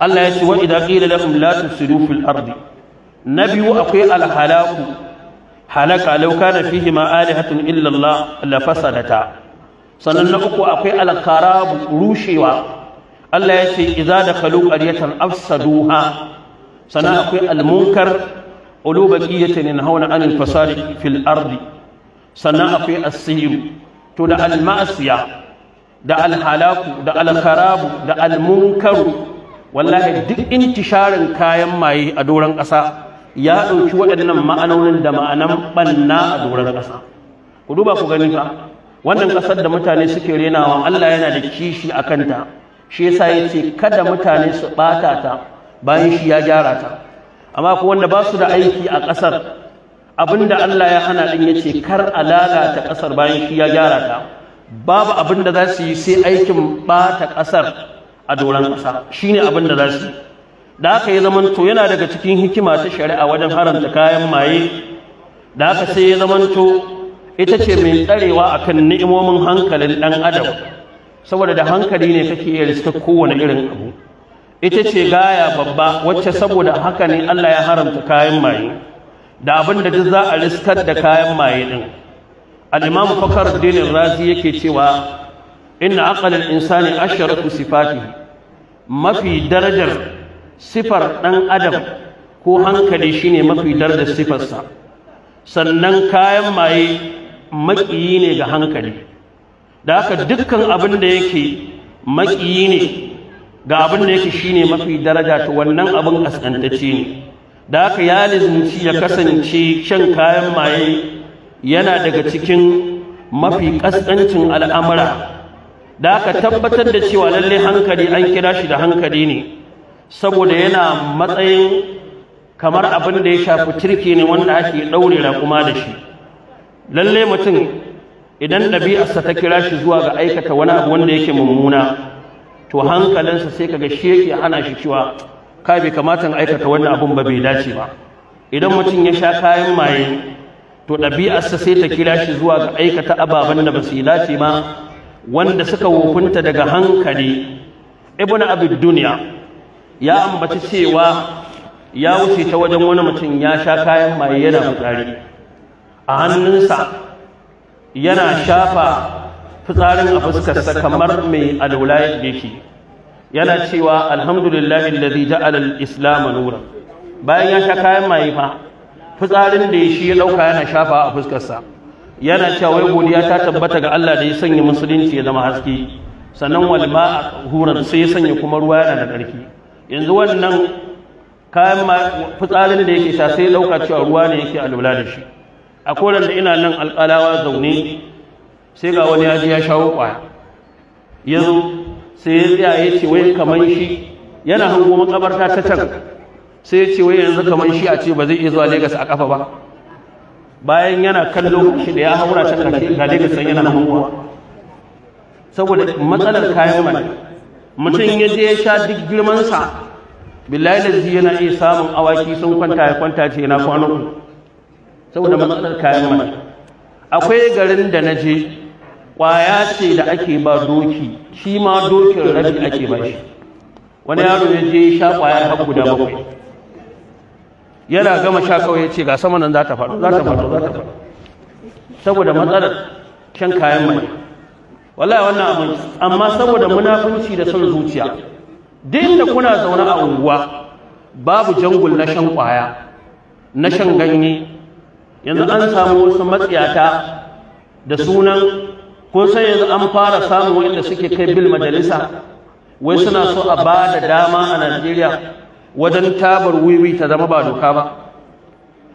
Allah ya ce wa idza da na la tusidu fil ardi biyu akwai alhalaku halaka lauka na fihi ma alihatun illallah la fasadata sannan na uku akwai alkarabu rushewa Allah ya ce idza dakhalu qaryatan afsaduha sannan akwai almunkar ulu baqiyatan yanhauna anil fasadi fil ardi sannan akwai asiru to da almasiya da alhalaku da alkarabu da almunkaru wallahi duk intisharin kayan maye a doron ƙasa ya ɗauki waɗannan ma'anonin da ma'anan ɓanna a doron ƙasa ku duba ku gani fa wannan ƙasar da mutane suke renawa Allah yana da kishi a kanta shi yasa yace ce kada mutane su ɓata ta bayan shi ya gyara ta amma ku wanda ba su da aiki a ƙasar Abin da Allah ya hana ya ce kar a lalata ƙasar bayan shi ya gyara ta babu abin da za su yi sai aikin bata ƙasar a doron kasa shine abin da za su yi da haka ya zamanto yana daga cikin hikima ta shari'a wajen haramta kayan maye da haka sai ya zamanto ita ce mai tsarewa akan ni'imomin hankalin ɗan adam saboda da hankali ne kake iya riskar kowane irin abu ita ce gaya babba wacce saboda haka ne Allah ya haramta kayan maye da abin da duk za a riskar da kayan maye din al-imam fakhruddin razi yake cewa inna aqal al-insani asharatu sifatihi mafi darajar sifar dan adam ko hankali shine mafi darajar sifarsa sannan kayan maye makiyi ne ga hankali da haka dukkan abin da yake makiyi ne ga abin da yake shine mafi daraja to wannan abin kaskantacce ne da haka ya lizunci ya kasance shan kayan maye yana daga cikin mafi ƙasƙancin al'amura da haka tabbatar da cewa lallai hankali an kira shi da hankali ne saboda yana matsayin kamar abin da ya shafi turke ne wanda ake ɗaure kuma da shi Lallai mutum idan ɗabi'arsa ta kira shi zuwa ga aikata wani abu wanda yake mummuna to hankalinsa sai kaga shi yake hana shi cewa ka bai kamata in aikata wannan abun ba bai dace ba idan mutum ya sha kayan maye to ɗabi'arsa sai ta kira shi zuwa ga aikata ababen da ba su dace ma wanda suka wofinta daga hankali ibn abid duniya ya ambaci cewa ya wuce ta wajen wani mutum ya sha kayan maye yana fitsari a hannunsa yana shafa fitsarin a fuskarsa kamar mai alwula yake yana cewa alhamdulillah alladhi ja'ala al-islam nura bayan ya sha kayan maye fa fitsarin da shi ya dauka yana shafa a fuskar sa yana cewa wai godiya ta tabbata ga Allah da ya sanya musulunci ya zama haske sannan wal ma'a huran sai ya sanya kuma ruwa yana da ƙarfi yanzu wannan kayan fitsarin da yake sha sai ya dauka cewa ruwa ne yake alwala da shi a koran da ina nan alƙalawa zaune sai ga wani ya ji ya shawo ƙwaya ya sai ya tsaya ya ce wai kamar shi yana hango makabarta ta can sai ya ce wai yanzu kamar shi a ce ba zai iya zuwa Legas a kafa ba bayan yana kallo shi da ya haura can da ga Legas san yana hango saboda matsalar kayan mai mutum ya je ya sha duk girman sa billahi lazi yana iya samun awaki sun kwanta ya kwanta ce na kwano saboda matsalar kayan mai akwai garin da na je ƙwaya ce da ake ba doki shi ma dokin rabi ake ba shi wani yaro ya je sha ƙwaya har guda bakwai yana gama sha kawai ya ce ga sama nan za ta faɗo za ta faɗo za ta faɗo saboda matsalar shan kayan mai wallahi wannan abin amma saboda munafunci da son zuciya duk inda kuna zaune a unguwa babu jangul na shan ƙwaya na shan ganye yanzu an samu wasu matsiyata da sunan ko sai yanzu an fara samun wanda suke kai bil majalisa wai suna so a ba da dama a Najeriya wajen tabar wiwi ta zama ba doka ba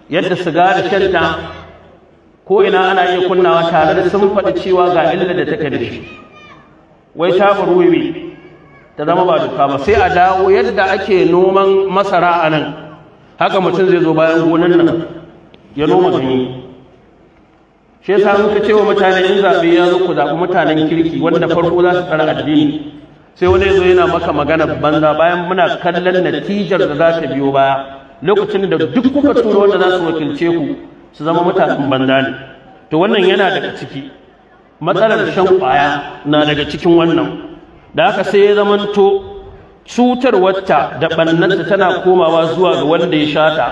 yadda gada shanta ko ina ana iya kunnawa tare da sun faɗi cewa ga illa da take da shi wai tabar wiwi ta zama ba doka ba sai a dawo yadda ake noman masara a nan haka mutum zai zo bayan gonan nan ya noma ganye shi yasa muka cewa mutane in zaɓe ya zo ku zaɓi mutanen kirki wanda farko za su tsara addini sai wani zo yana maka magana banza bayan muna kallon natijar da za ta biyo baya lokacin da duk kuka tura wanda za su wakilce ku su zama mutanen banza ne to wannan yana daga ciki matsalar shan kwaya na daga cikin wannan da haka sai ya zamanto wata da ɓannanta tana komawa zuwa ga wanda ya shata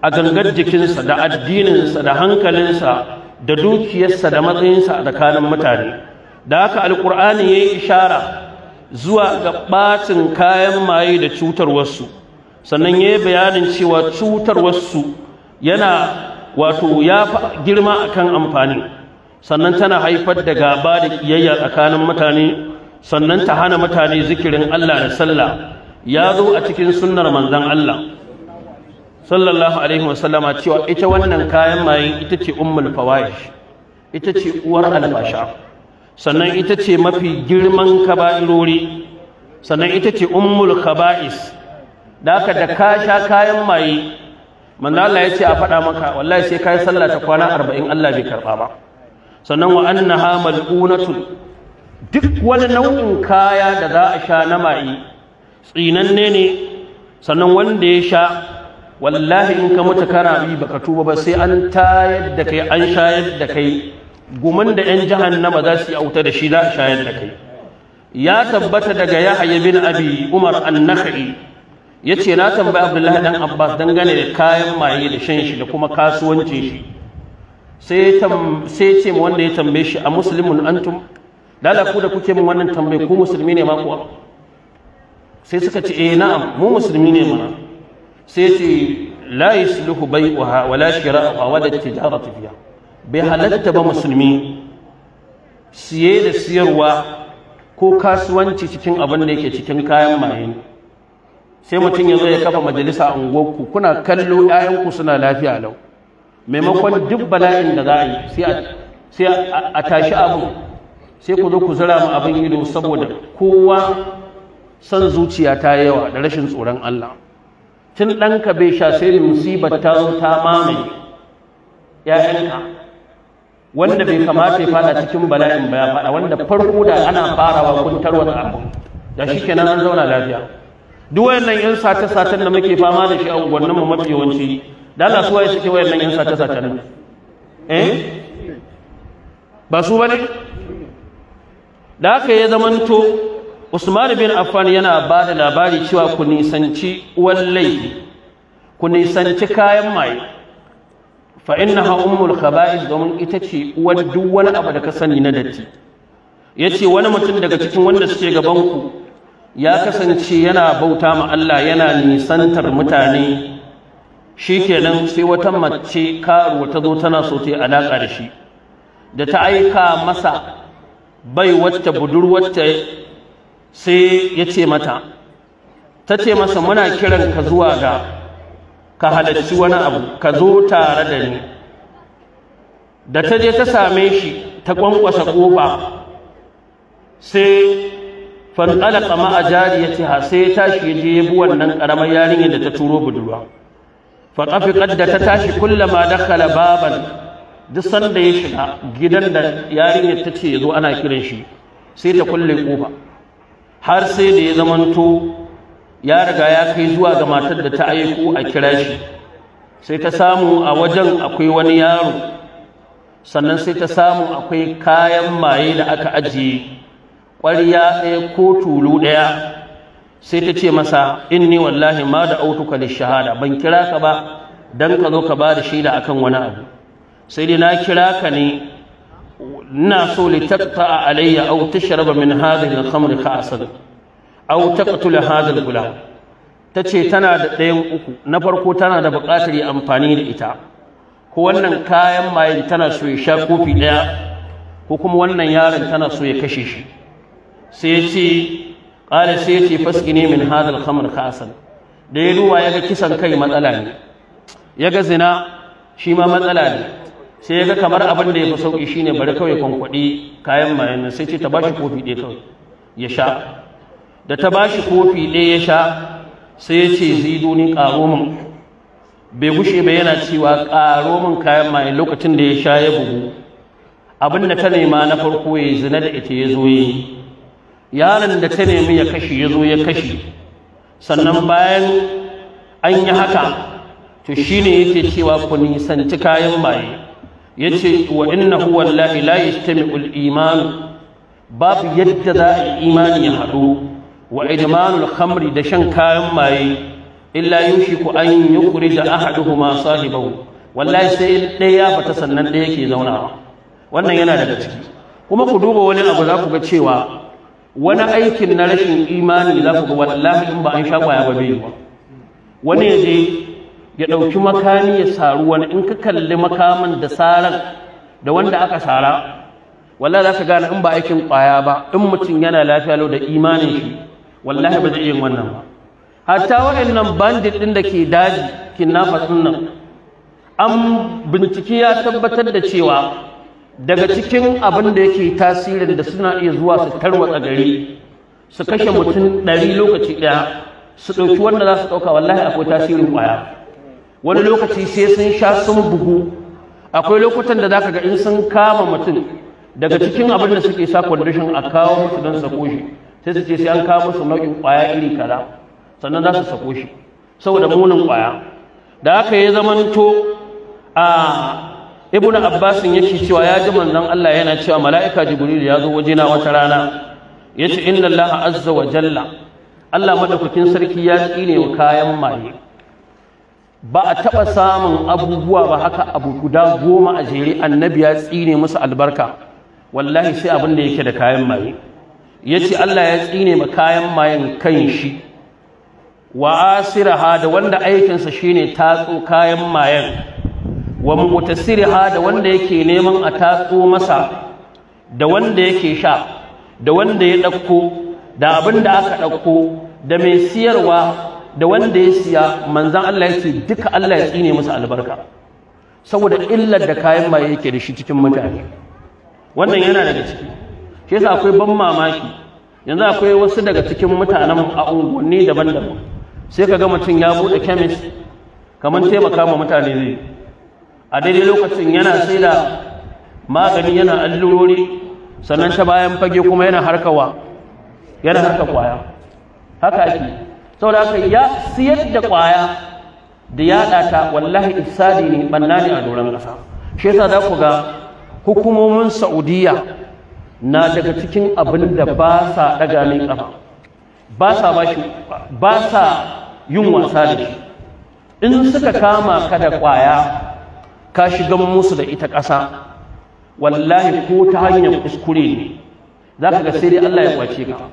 a gangar jikinsa da addininsa da hankalinsa da dukiyarsa da matsayinsa a tsakanin mutane da haka Alƙur'ani ya yi ishara zuwa ga ɓacin kayan maye da cutarwarsu sannan ya yi bayanin cewa cutarwarsu yana wato ya girma a kan amfani sannan tana haifar da gaba da ƙiyayya tsakanin mutane sannan ta hana mutane zikirin Allah da sallah ya zo a cikin sunnar manzon Allah sallallahu alaihi wasallama cewa ita wannan kayan mayin ita ce ummul fawaish ita ce uwar albasha sannan ita ce mafi girman kaba'irori sannan ita ce ummul khaba'is da da ka sha kayan maye manzo Allah ya ce a faɗa maka wallahi sai kai sallah ta kwana 40 Allah bai karba ba sannan wa annaha mal'unatun duk wani nau'in kaya da za a sha na maye tsinanne ne sannan wanda ya sha wallahi in ka mutu kana bi baka tuba ba sai an tayar da kai an shayar da kai gumin da yan jahannama za su yi auta da shi za a shayar da kai ya tabbata daga yahaya bin abi umar an-nakhai yace na tambayi abdullahi dan abbas dangane da kayan maye da shan shi da kuma kasuwancin shi sai sai ce wanda ya tambaye shi a muslimun antum lala ku da kuke min wannan tambaye ku musulmi ne ma kuwa sai suka ce eh na'am mu musulmi ne mana sai ce la yusluhu bai'uha wa a shira'uha wa la tijaratu tafiya. bai halatta ba musulmi siye da siyarwa ko kasuwanci cikin abin da yake cikin kayan maye sai mutum ya zo ya kafa majalisa a unguwarku kuna kallo 'ya'yanku suna lafiya lau maimakon duk bala'in da za a yi sai a tashi abu sai ku zo ku zira ma abin ido saboda kowa son zuciya ta yawa da rashin tsoron Allah tun ɗanka bai sha sai da musibar ta zo ta mamaye ‘ya'yanka wanda bai kamata ya fada cikin bala'in ba ya fada wanda farko da ana farawa kuntar wani abu da shi kenan an zauna lafiya duk wayannan yan sace-sacen da muke fama da shi a unguwannin mu mafi yawanci da Allah su waye suke wayannan yan sace-sacen eh ba su bane da haka ya zamanto Usman bin Affan yana ba da labari cewa ku nisanci uwan laifi ku nisanci kayan maye fa innaha khaba'is domin ita ce uwar wani abu da ka sani na datti yace wani mutum daga cikin wanda suke gabanku ya kasance yana bauta ma Allah yana nisantar mutane shi shikenan sai wata mace karuwa ta zo tana so ta yi alaka da shi da ta aika masa bai wacce budurwacce sai ya ce mata ta ce masa muna kiran ka zuwa ga ka halarci wani abu ka zo tare da ni da ta je ta same shi ta kwankwasa ƙofa sai fanƙala ƙama a jari ya ce ha sai ya tashi ya je ya bi wannan ƙaramar yarinyar da ta turo budurwa faƙafiƙar da ta tashi da kala baban duk sanda ya shiga gidan da yarinyar ta ce ya zo ana kiran shi sai ta kulle kofa har sai da ya zamanto ya riga ya kai zuwa ga matar da ta aiko a kira shi sai ta samu a wajen akwai wani yaro sannan sai ta samu akwai kayan maye da aka ajiye ƙwarya ɗaya ko tulu ɗaya sai ta ce masa inni wallahi ma da autuka da shahada ban kira ka ba don ka zo ka ba da shaida akan wani abu sai dai na kira ka ne ina so li a alayya aw tashraba min hadhihi al-khamr kha'san aw taqtula hadha al-gulam tace tana da ɗayan uku na farko tana da buƙatar amfani da ita ko wannan kayan mayin tana so ya sha kofi ɗaya ko kuma wannan yaron tana so ya kashe shi sai ya ce ƙara sai ya ce faskine min hadal khamr khasan da ya ruwa ya ga kisan kai matsala ne ya ga zina shi ma matsala ne sai ya ga kamar abin da ya fi sauƙi shine bari kawai kwankwaɗe. kayan mayan nan sai ce ta bashi kofi ɗaya kawai ya sha da ta bashi kofi ɗaya ya sha sai ya ce zido ni ƙaro min bai gushe ba yana cewa ƙaro min kayan mayan lokacin da ya sha ya bugu abin da ta nema na farko ya zina da ita ya zo yi yaron da ta nemi ya kashe ya zo ya kashe sannan bayan an yi haka to shine yake cewa ku nisanci kayan maye yace wa innahu wallahi la yastami'u iman babu yadda za a imani ya haɗu wa idmanul khamri da shan kayan maye illa ku an yukhrij ahaduhuma sahibahu wallahi sai ɗaya fata sannan ɗaya ke zaunawa wannan yana daga ciki kuma ku duba wani abu za ku ga cewa wani aikin na rashin imani za ku ga wallahi in ba an sha kwaya ba bai wani ya je ya ɗauki makami ya saru wani in ka kalli makamin da saran da wanda aka sara wallah za ka gane in ba aikin ƙwaya ba in mutum yana lafiya lau da imanin shi wallahi ba zai yin wannan ba hatta waɗannan bandit ɗin da ke daji ke nafa nan an binciki ya tabbatar da cewa daga cikin abin da yake tasirin da suna iya zuwa su tarwatsa gari su kashe mutum ɗari lokaci ɗaya su ɗauki wanda za su ɗauka wallahi akwai tasirin ƙwaya wani lokaci sai sun sha sun bugu akwai lokutan da zaka ga in sun kama mutum daga cikin abin da suke sa condition a kawo musu don sako shi sai su ce sai an kawo musu nau'in kwaya iri kaza sannan za su sako shi saboda munin kwaya da haka ya zamanto a ibnu abbasin ce cewa ya ji manzon Allah yana cewa mala'ika jibril ya zo waje na wata rana yace inna allaha azza wa jalla Allah madaukakin sarki ya tsine wa kayan maye ba a taɓa samun abubuwa ba haka abu guda goma a jere annabi ya tsine musu albarka wallahi sai abin da yake da kayan maye ya ce Allah ya tsine ma kayan mayen kan shi wa asiraha da wanda aikinsa shine tatso kayan mayen wa mutasiriha da wanda yake neman a tatso masa da wanda yake sha da wanda ya ɗauko da abin da aka ɗauko da mai siyarwa da wanda ya siya manzan Allah ya ce duka Allah ya tsine musu albarka saboda illar da kayan maye yake da shi cikin mutane wannan yana daga ciki shi yasa akwai ban mamaki yanzu akwai wasu daga cikin mutanen a unguwanni daban-daban sai ka ga mutum ya buɗe kemis kamar taimaka ma mutane zai a daidai lokacin yana sai da magani yana allurori sannan ta bayan fage kuma yana harkawa yana harka kwaya haka ake saboda haka ya siyar da kwaya da yaɗa ta wallahi isadi ne banna ne a doron ƙasa shi yasa za ku ga hukumomin Saudiyya na daga cikin abin da ba sa ɗaga min ƙafa ba sa ba sa yin wasa da shi in suka kama ka da ƙwaya ka shiga musu da ita ƙasa wallahi ko ta hanyar kuskure ne za ka ga sai dai Allah ya kwace ka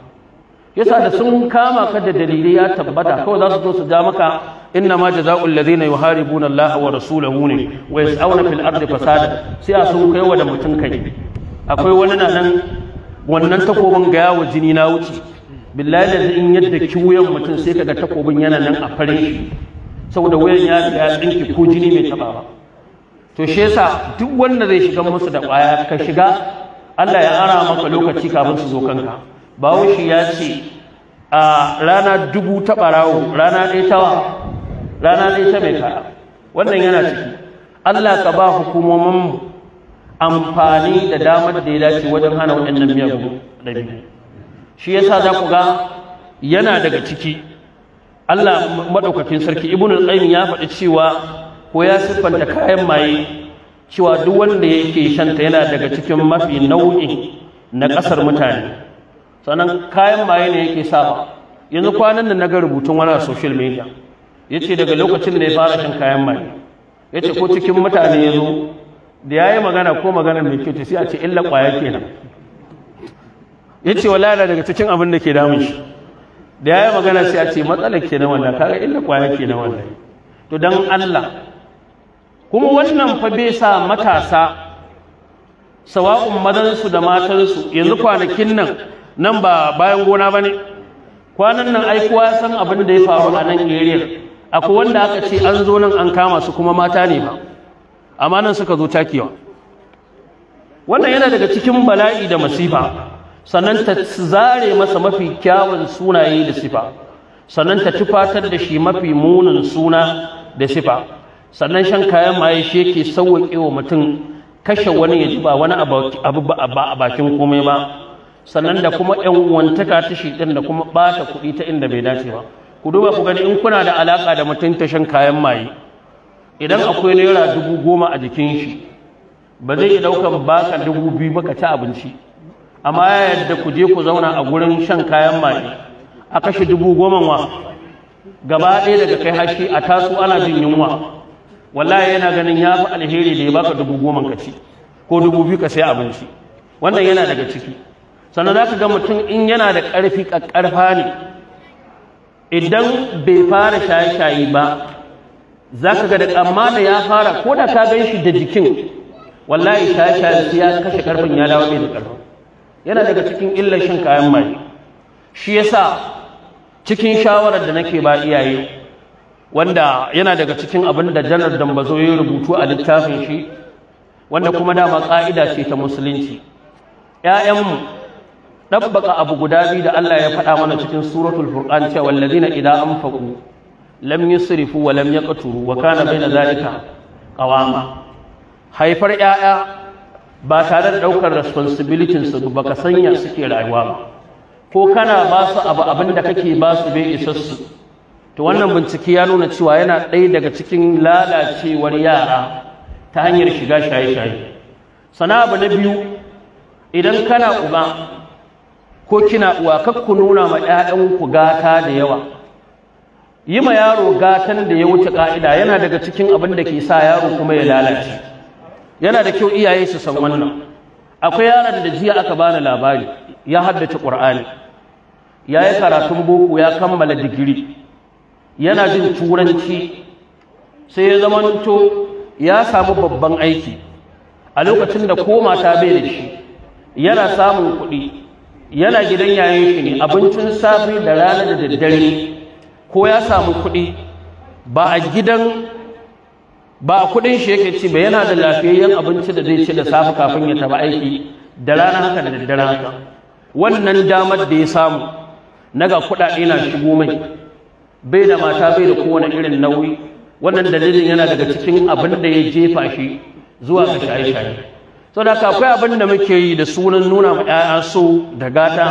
yasa da sun kama ka da dalilai ya tabbata kawai za su zo su ja maka inna ma jazaa'ul ladina yuharibuna Allah wa rasulahu ne wa yas'auna fil ardi fasada sai a sun kai wa da mutun kai akwai wani nan wannan takobin ga yawo jini na wuce billahi da in yadda ki wuyan mutum sai kaga takobin yana nan a farin shi saboda wuyan ya ya tsinki ko jini mai taba ba to shi yasa duk wanda zai shiga musu da kwaya ka shiga Allah ya ara maka lokaci kafin su zo kanka bahaushe ya ce a rana dubu ta ɓarawo rana ɗaya tawa rana ɗaya ta mai ta'a wannan yana ciki allah ka ba hukumomin amfani da damar da ya dace wajen hana waɗannan miyagun ɗabi'u shi ya sa za ku ga yana daga ciki allah maɗaukakin sarki ibn al ya faɗi cewa ko ya siffanta kayan maye cewa duk wanda yake shanta yana daga cikin mafi nau'in na ƙasar mutane sannan kayan maye ne yake saba yanzu kwanan da naga rubutun wani a social media ce daga lokacin da ya fara shan kayan maye ce ko cikin mutane ya zo. da ya yi magana ko magana mai kyau sai a ce illa kwaya kenan wala yana daga cikin abin da ke damun shi da ya yi magana sai a ce matsalar kenan wannan kaga illa kwaya kenan wannan to dan Allah kuma wannan fa bai sa matasa sawa'un madansu da matansu yanzu kwanakin nan nan ba bayan gona ba ne kwanan nan aikuwa ya san abin da ya faru a nan area akwai wanda aka ce an zo nan an kama su kuma mata ne ba amma nan suka zo takewa. wannan yana daga cikin bala'i da masifa sannan ta zare masa mafi kyawun sunaye da sifa sannan ta tufatar da shi mafi munin suna da sifa sannan shan kayan maye shi yake sauwaƙe wa mutum kashe wani ya ji ba wani abu ba a bakin komai ba sannan da kuma yan uwantaka ta shedan da kuma bata kuɗi ta inda bai dace ba ku duba ku gani in kuna da alaka da mutum ta shan kayan maye idan akwai naira dubu goma a jikin shi ba zai ba baka dubu biyu ka ci abinci amma ya yadda ku je ku zauna a gurin shan kayan maye a kashe dubu goma wa gaba ɗaya daga kai hashi a taso ana jin yunwa wallahi yana ganin ya fi alheri da ya baka dubu goma ka ci ko dubu biyu ka sai abinci wannan yana daga ciki sannan za ka ga mutum in yana da ƙarfi ƙarfa ne idan bai fara shaye-shaye ba za ka ga da amma da ya fara ko da ka gan shi da jikin wallahi shaye-shaye ya kashe ƙarfin ya dawo da ƙarfin yana daga cikin illar shan kayan maye shi ya sa cikin shawarar da nake ba iyaye wanda yana daga cikin abin da janar dambazo ya rubutu a littafin shi wanda kuma dama ƙa'ida ce ta musulunci ‘ya'yanmu dabbaka abu guda biyu da Allah ya faɗa mana cikin suratul furqan cewa idan an anfaqu lam yusrifu wa lam yaqturu wa kana baina zalika qawama haifar 'ya'ya ba tare da ɗaukar responsibility su ba ka sanya suke rayuwa ba ko kana ba su abu abin da kake ba su bai isa su to wannan bincike ya nuna cewa yana ɗaya daga cikin lalacewar yara ta hanyar shiga shaye-shaye sana abu na biyu idan kana uba ko kina uwa ka ku nuna ma ku gata da yawa yi ma yaro gatan da ya wuce ƙa'ida yana daga cikin abin da ke sa yaro kuma ya lalace yana da kyau iyaye su san wannan akwai yaron da jiya aka bani labari ya haddace qur'ani ya yi karatun boko ya kammala digiri yana jin turanci sai ya zamanto ya samu babban aiki a lokacin da ko mata bai da shi yana samun kuɗi yana gidan yayin shi ne abincin safe da rana da daddare ko ya samu kuɗi ba a gidan ba a kuɗin shi yake ci ba yana da lafiyayyen abinci da zai ci da safe kafin ya tafi aiki da rana haka da daddare haka wannan damar da ya samu na ga kuɗaɗe na shigo mai bai da mata bai da kowane irin nauyi wannan dalilin yana daga cikin abin da ya jefa shi zuwa ga shaye-shaye Sau da akwai abin da muke yi da sunan nuna ma 'ya'ya so da gata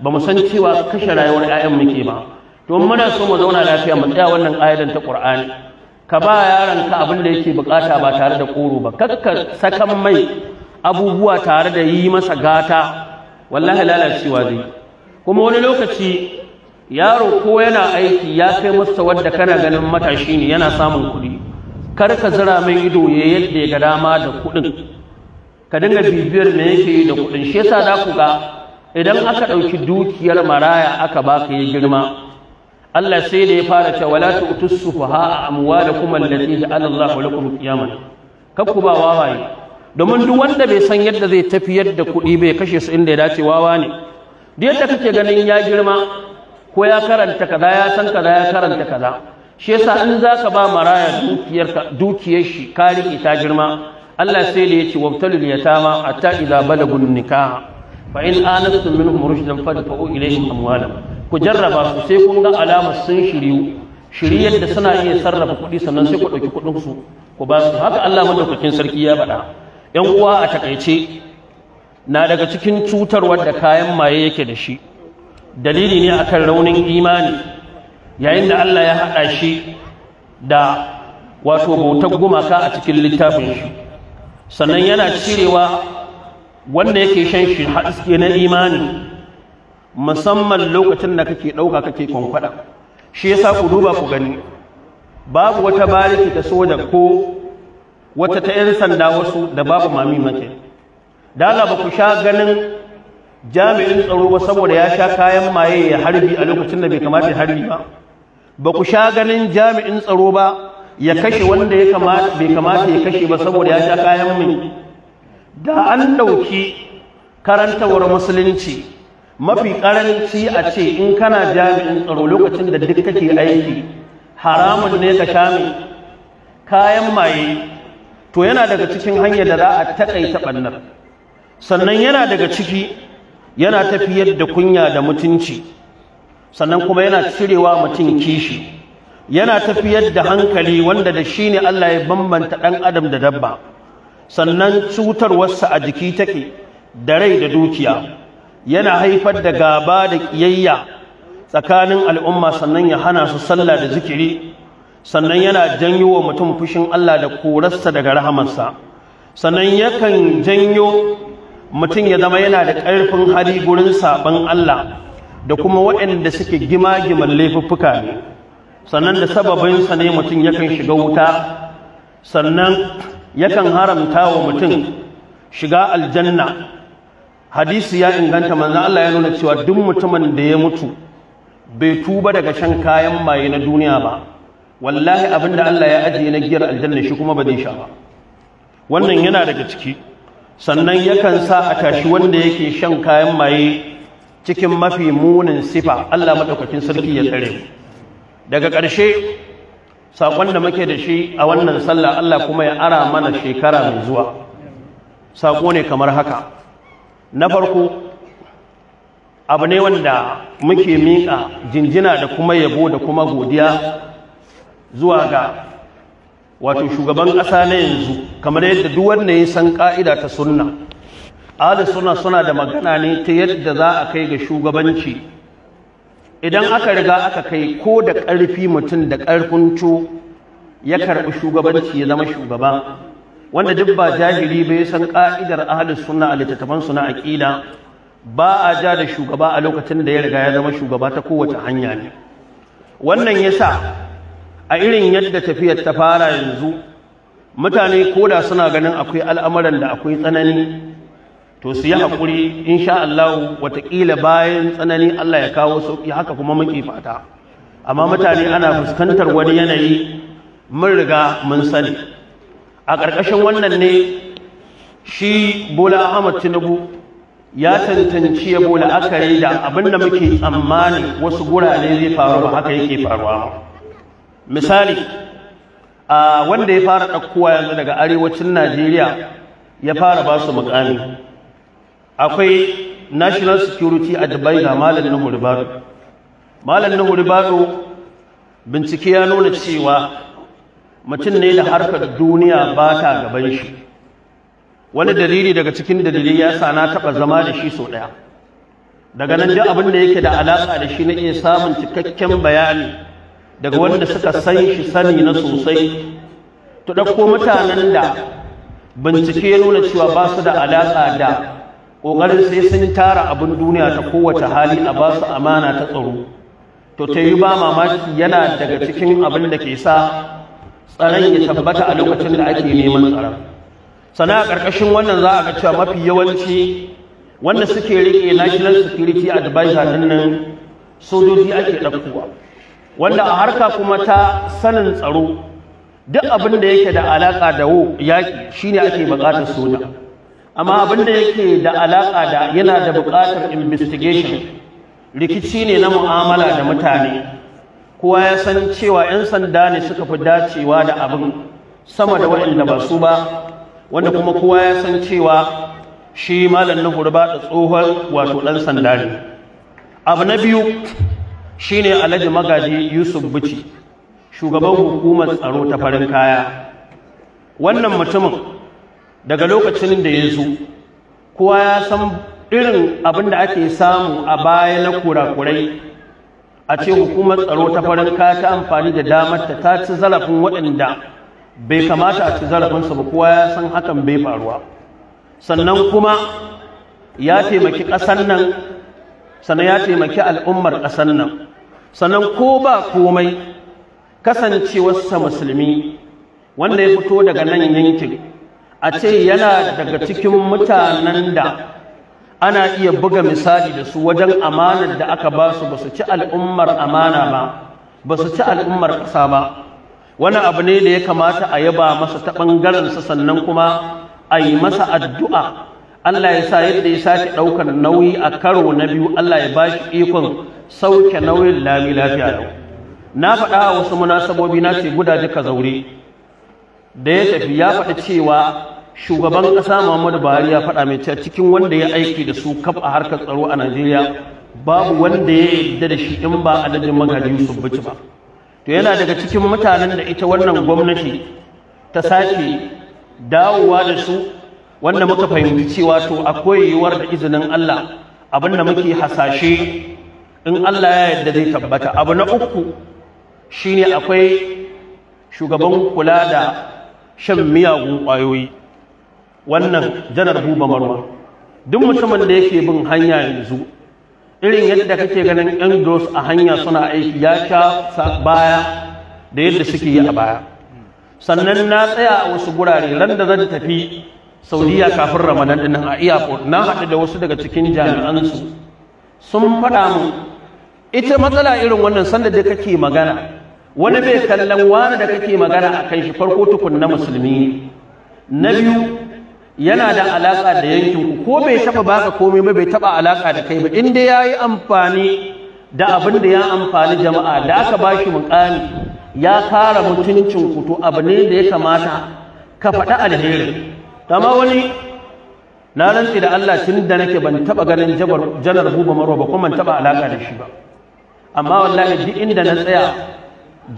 ba mu san cewa kashe rayuwar 'ya'yan muke ba to muna so mu zauna lafiya mu tsaya wannan ayatan ta Qur'ani ka ba yaron ka abin da yake bukata ba tare da koro ba kakka sakan mai abubuwa tare da yi masa gata wallahi lalacewa zai kuma wani lokaci yaro ko yana aiki ya kai masa wadda kana ganin matashi ne yana samun kuɗi kar ka zira mai ido ya yadda ya ga dama da kuɗin ka dinga bibiyar me yake yi da kuɗin shi yasa za ku ga idan aka ɗauki dukiyar maraya aka baka yi girma Allah sai da ya fara cewa wala tu'tu sufaha amwalakum allati ja'ala Allahu lakum qiyaman ku ba wawaye domin duk wanda bai san yadda zai tafiyar da kuɗi bai kashe su inda ya dace wawa ne da yadda kake ganin ya girma ko ya karanta kaza ya san kaza ya karanta kaza shi yasa in zaka ba maraya dukiyar dukiyar shi ka rike ta girma Allah sai da yace wabtalul yatama hatta idza balagun nikah fa in anastum minhum rushdan fadfa'u ilayhim amwalahum ku jarraba su sai kun ga alama sun shiryu shiryar da suna iya sarrafa kuɗi sannan sai ku ɗauki kuɗin ku ba su haka Allah madaukakin sarki ya faɗa yan uwa a takaice na daga cikin cutar wadda kayan maye yake da shi dalili ne akan raunin imani yayin da Allah ya haɗa shi da wato bautar gumaka a cikin littafin shi sannan yana cirewa wanda yake shan shi haske na imani musamman lokacin da kake ɗauka kake kwankwada shi yasa ku duba ku gani babu wata bariki ta soja ko wata ta 'yan sanda wasu da babu mami mace dala ba ku sha ganin jami'in tsaro ba saboda ya sha kayan maye ya harbi a lokacin da bai kamata ya harbi ba ba ku sha ganin jami'in tsaro ba ya kashe wanda ya kamata bai kamata ya kashe ba saboda ya sha kayan mai da an ɗauki karantawar musulunci mafi ƙaranci a ce in kana jami'in tsaro lokacin da duk kake aiki haramun ne ka sha mai kayan maye to yana daga cikin hanyar da za a taƙaita ɓannar sannan yana daga ciki yana tafiyar da kunya da mutunci sannan kuma yana cirewa mutum kishi yana tafiyar da hankali wanda da shi ne Allah ya bambanta ɗan adam da dabba sannan cutarwarsa a jiki take da rai da dukiya yana haifar da gaba da ƙiyayya tsakanin al'umma sannan ya hana su sallah da zikiri sannan yana janyo wa mutum fushin Allah da korarsa daga rahamarsa sannan yakan janyo mutum ya zama yana da ƙarfin hari gurin saɓan Allah da kuma waɗanda suke gima-giman laifuffuka ne sannan da sababinsa ne mutum yakan shiga wuta sannan yakan haramta wa mutum shiga aljanna hadisi ya inganta manzan Allah ya nuna cewa duk mutumin da ya mutu bai tuba daga shan kayan maye na duniya ba wallahi abinda Allah ya ajiye na giyar aljanna shi kuma ba zai sha ba wannan yana daga ciki sannan yakan sa a tashi wanda yake shan kayan maye cikin mafi munin sifa Allah madaukakin sarki ya tsare mu daga ƙarshe saƙon da muke da shi a wannan sallah Allah kuma ya ara mana shekara mai zuwa saƙo ne kamar haka na farko abu ne wanda muke miƙa jinjina da kuma yabo da kuma godiya zuwa ga wato shugaban ƙasa na yanzu kamar yadda duk wanda ya san ƙa'ida ta sunna ahli suna suna da magana ne ta yadda za a kai ga shugabanci idan aka riga aka kai ko da ƙarfi mutum da ƙarfin co ya karɓi shugabanci ya zama shugaba wanda duk ba jahili bai san ƙa'idar ahalus suna a littattafan suna aƙida ba a ja da shugaba a lokacin da ya riga ya zama shugaba ta kowace hanya ne wannan ya sa a irin yadda tafiyar ta fara yanzu mutane koda suna ganin akwai al'amuran da akwai tsanani to su yi haƙuri insha Allah wataƙila bayan tsanani Allah ya kawo sauƙi haka kuma muke fata amma mutane ana fuskantar wani yanayi mun riga mun sani a ƙarƙashin wannan ne shi Bola Ahmad Tinubu ya tantance Bola la'akari da abin da muke tsammani wasu gurare zai faru ba haka yake faruwa misali a wanda ya fara ɗaukowa yanzu daga arewacin Najeriya ya fara ba su muƙami akwai national security na malam nuhu ribaru malam nuhu ribaru bincike ya nuna cewa mutum ne da harkar duniya ba ta gaban shi wani dalili daga cikin dalilai ya sa na taɓa zama da shi sau ɗaya daga nan duk abin da yake da alaƙa da shi na iya samun cikakken bayani daga wanda suka san shi sani na sosai ta ɗauko mutanen da bincike ya nuna cewa ba su da alaƙa da ƙoƙarin sai sun tara abin duniya ta kowace hali a ba su amana ta tsaro to ta yi ba mamaki yana daga cikin abin da ke sa tsaron ya tabbata a lokacin da ake neman tsaron sana a ƙarƙashin wannan za a ga cewa mafi yawanci wanda suke riƙe national security advisor ɗin nan sojoji ake ɗaukowa wanda a harka kuma ta sanin tsaro duk abin da yake da alaƙa da yaƙi shine ake buƙatar soja amma abin da yake da alaƙa da yana da buƙatar investigation rikici ne na mu'amala da mutane kowa ya san cewa 'yan sanda ne suka fi dacewa da abin sama da waɗanda ba su ba wanda kuma kowa ya san cewa shi malam na hurba da tsohon wato ɗan sanda ne abu na biyu shine alhaji magaji yusuf bici shugaban hukumar tsaro ta farin kaya wannan mutumin daga lokacin da ya zo kowa ya san irin abin da ake samu a baya na kurakurai a ce hukumar tsaro ta farin ka ta amfani da damar ta ta ci zarafin waɗanda bai kamata a ci zarafinsa ba kowa ya san hakan bai faruwa sannan kuma ya taimaki ƙasar nan sannan ya taimaki al'ummar ƙasar nan sannan ko ba komai kasancewarsa musulmi wanda ya fito daga nan yankin a ce yana daga cikin mutanen da ana iya buga misali da su wajen amanar da aka ba su ba su ci al'ummar amana ba ba su ci al'ummar ƙasa ba wani abu ne da ya kamata a yaba masa ta ɓangarensa sannan kuma a yi masa addu'a Allah ya sa yadda ya sake ɗaukar nauyi a karo na biyu Allah ya ba shi ikon sauke nauyin lami lafiya yau na faɗa wasu munasabobi na ce guda duka zaure da ya tafi ya faɗi cewa shugaban ƙasa Muhammadu Buhari ya faɗa mai cewa cikin wanda ya aiki da su kaf a harkar tsaro a Najeriya babu wanda ya yarda da shi in ba adadin magaji Yusuf Bichi ba to yana daga cikin mutanen da ita wannan gwamnati ta sake dawowa da su wanda muka fahimci cewa to akwai yiwuwar da izinin Allah abin da muke hasashe in Allah ya yarda zai tabbata abu na uku shine akwai shugaban kula da shan miyagun ƙwayoyi wannan janar buba marwa duk mutumin da yake bin hanya yanzu irin yadda kake ganin yan dos a hanya suna aiki ya sha baya da yadda suke yi a baya sannan na tsaya a wasu gurare ran da zan tafi saudiya kafin ramadan din a airport na haɗu da wasu daga cikin jami'an su sun faɗa mu ita matsala irin wannan sanda da kake magana wani bai kallon wani da kake magana a kai shi farko tukun na musulmi na biyu yana da alaƙa da yankin ku ko bai taɓa baka komai ba bai taba alaƙa da kai ba in dai yayi amfani da abin da ya amfani jama'a da aka bashi muƙami ya kara mutuncin ku to abu ne da ya kamata ka faɗi alheri amma wani na rantsi da Allah tun da nake ban taba ganin janar buba maro ba kuma ban taɓa alaƙa da shi ba amma wallahi duk inda na tsaya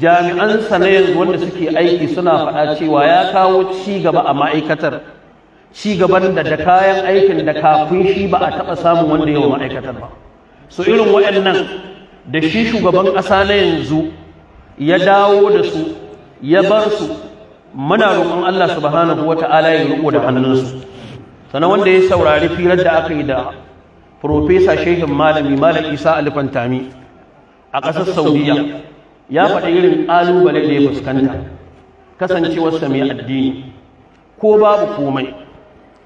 jami'an sa na yanzu wanda suke aiki suna faɗa cewa ya kawo ci gaba a ma'aikatar ci gaban da da kayan aikin da kafin shi ba a taɓa samun wanda yawa ma'aikatar ba Su irin waɗannan da shi shugaban ƙasa na yanzu ya dawo da su ya bar su muna roƙon Allah subhanahu wata'ala ya riƙo da hannunsu sannan wanda ya saurari firar da aka yi da Profesa Shehin Malami Malam Isa alifantami a ƙasar Saudiya ya faɗi irin ƙalubale da ya fuskanta kasancewarsa mai addini ko babu komai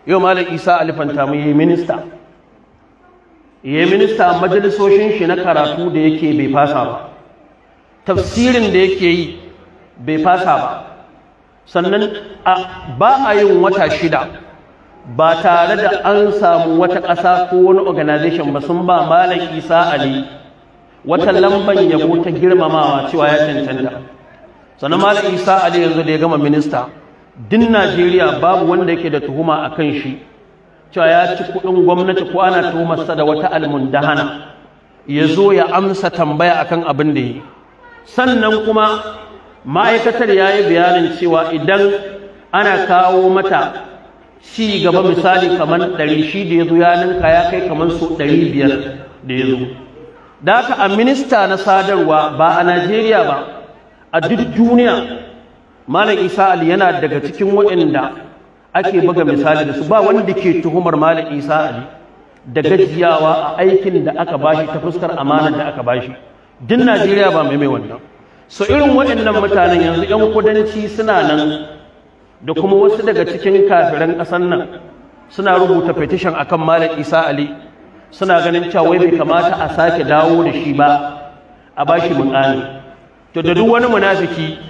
yau malam isa alifanta mu yi minista yi minista majalisoshin shi na karatu da yake bai fasa ba tafsirin da yake yi bai fasa ba sannan ba a yin wata shida ba tare da an samu wata ƙasa ko wani organization ba sun ba malam isa ali wata lamban yabo ta girmamawa cewa ya cancanta sannan malam isa ali yanzu da ya gama minista din Najeriya babu wanda yake da tuhuma a kan shi cewa ya ci kuɗin gwamnati ko ana tuhumarsa da wata almundahana ya zo ya amsa tambaya akan abin da yi sannan kuma ma'aikatar ya yi bayanin cewa idan ana kawo mata ci gaba misali kamar ɗari shi da ya zo ya ninka ya kai kamar so ɗari biyar da ya zo da haka a minista na sadarwa ba a Najeriya ba a duk duniya malam isa ali yana daga cikin waɗanda ake buga misali da su ba wanda ke tuhumar malam isa ali da gajiyawa a aikin da aka bashi ta fuskar amanar da aka bashi din najeriya ba mai mai wannan so irin waɗannan mutanen yanzu yan kudanci suna nan da kuma wasu daga cikin kafiran ƙasar nan suna rubuta petition akan malam isa ali suna ganin cewa bai kamata a sake dawo da shi ba a bashi muƙani to da duk wani munafiki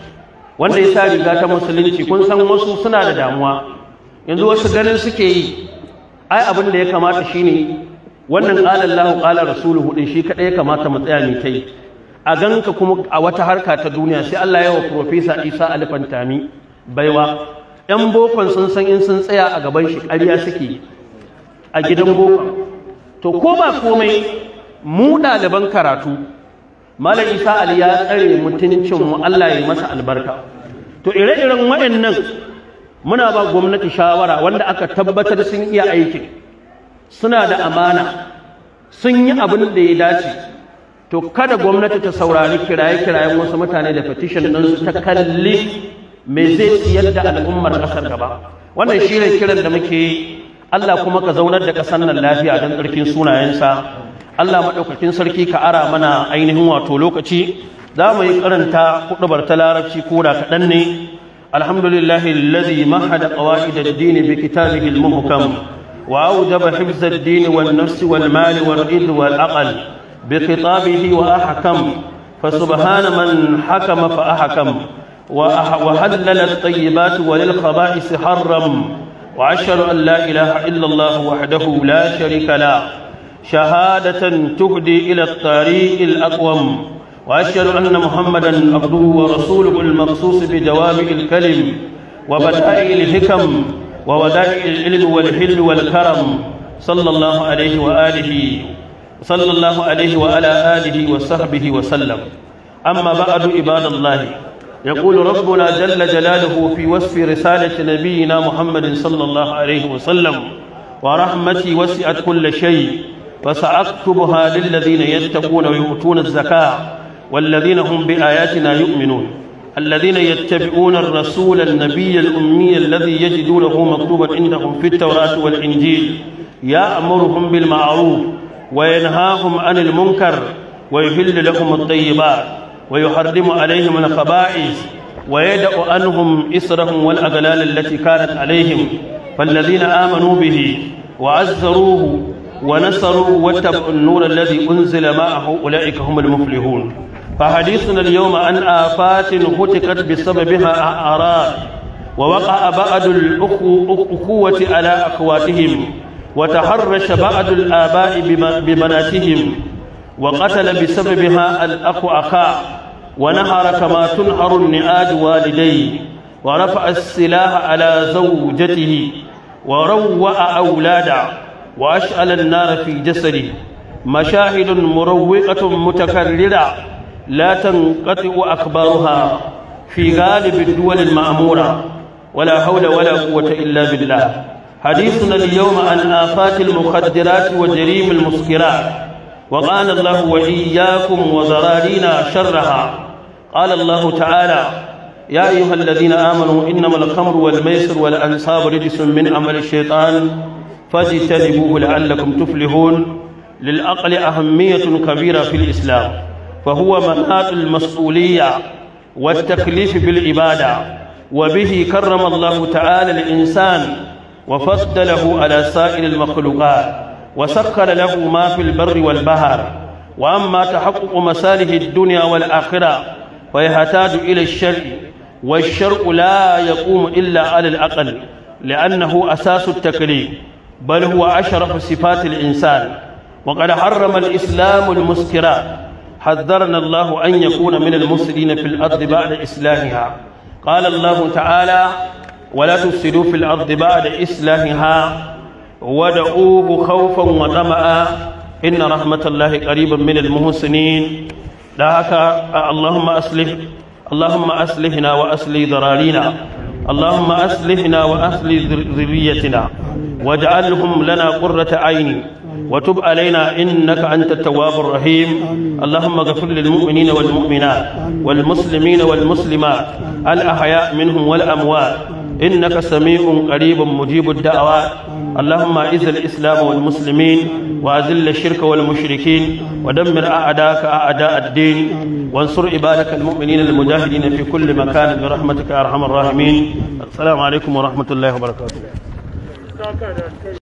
wanda ya sa riga ta musulunci kun san wasu suna da damuwa yanzu wasu ganin suke yi ai abin da ya kamata shine wannan qala Allahu qala rasuluhu din shi kadai ya kamata mu tsaya ne kai a ganka kuma a wata harka ta duniya sai Allah ya wa professor Isa Alfantami baiwa yan bokon sun san in sun tsaya a gaban shi ƙarya suke a gidan bokon to ko ba komai mu ɗaliban karatu malam isa ali ya tsare mutuncin mu Allah ya masa albarka to ire-iren waɗannan muna ba gwamnati shawara wanda aka tabbatar sun iya aiki, suna da amana sun yi abin da ya dace to kada gwamnati ta saurari kiraye-kirayen wasu mutane da fetishin ɗinsu ta kalli me zai siyar da al'ummar ƙasar gaba wannan shi ne kiran da muke Allah kuma ka zaunar da ƙasar nan lafiya don tsarkin sunayensa Allah madaukakin sarki ka ara mana ainihin wato lokaci za mu yi karanta kudubar ta larabci ko da ne alhamdulillahi lazi mahada qawaid ad-din bi kitabihi al-muhkam wa awjaba hifz ad-din wal nafs wal mal wal id wal aql bi khitabihi wa ahkam fa subhana man hakama fa ahkam wa at وحلل الطيبات وللخبائث حرم وأشهد أن لا إله إلا الله وحده لا شريك له شهادة تهدي إلى الطريق الأقوم وأشهد أن محمدا عبده ورسوله المقصوص بدوام الكلم وبدائع الحكم وودائع العلم والحل والكرم صلى الله عليه وآله صلى الله عليه وعلى آله وصحبه وسلم أما بعد عباد الله يقول ربنا جل جلاله في وصف رسالة نبينا محمد صلى الله عليه وسلم ورحمتي وسعت كل شيء فسأكتبها للذين يتقون ويؤتون الزكاة والذين هم بآياتنا يؤمنون الذين يتبعون الرسول النبي الأمي الذي يجدونه مكتوبا عندهم في التوراة والإنجيل يأمرهم بالمعروف وينهاهم عن المنكر ويحل لهم الطيبات ويحرم عليهم الخبائث ويدع عنهم إسرهم والأغلال التي كانت عليهم فالذين آمنوا به وعزروه ونصروا واتبعوا النور الذي أنزل معه أولئك هم المفلحون فحديثنا اليوم عن آفات هتكت بسببها أعراض ووقع بعض الأخوة على أخواتهم وتحرش بعض الآباء ببناتهم وقتل بسببها الأخ أخاه ونهر كما تنهر النعاج والديه ورفع السلاح على زوجته وروع أولاده وأشعل النار في جسدي مشاهد مروقة متكررة لا تنقطع أخبارها في غالب الدول المأمورة ولا حول ولا قوة إلا بالله حديثنا اليوم عن آفات المخدرات وجريم المسكرات وقال الله وإياكم وزرارينا شرها قال الله تعالى يا أيها الذين آمنوا إنما الخمر والميسر والأنصاب رجس من عمل الشيطان فاجتنبوه لعلكم تفلحون للعقل أهمية كبيرة في الإسلام فهو مناط المسؤولية والتكليف بالعبادة وبه كرم الله تعالى الإنسان وفضله على سائر المخلوقات وسخر له ما في البر والبحر وأما تحقق مصالح الدنيا والآخرة فيحتاج إلى الشرع والشرع لا يقوم إلا على العقل لأنه أساس التكليف بل هو أشرف صفات الإنسان وقد حرم الإسلام المسكرات حذرنا الله أن يكون من المسلمين في الأرض بعد إسلامها قال الله تعالى ولا تفسدوا في الأرض بعد إسلامها ودعوه خوفا وطمعا إن رحمة الله قريبا من المحسنين لك اللهم أصلح اللهم أصلحنا وأصلح ضرارينا اللهم أصلحنا وأسل ذريتنا واجعلهم لنا قرة عين وتب علينا إنك أنت التواب الرحيم اللهم اغفر للمؤمنين والمؤمنات والمسلمين والمسلمات الأحياء منهم والأموات إنك سميع قريب مجيب الدعوات اللهم أعز الإسلام والمسلمين وأذل الشرك والمشركين ودمر أعداءك أعداء الدين وانصر عبادك المؤمنين المجاهدين في كل مكان برحمتك يا أرحم الراحمين السلام عليكم ورحمة الله وبركاته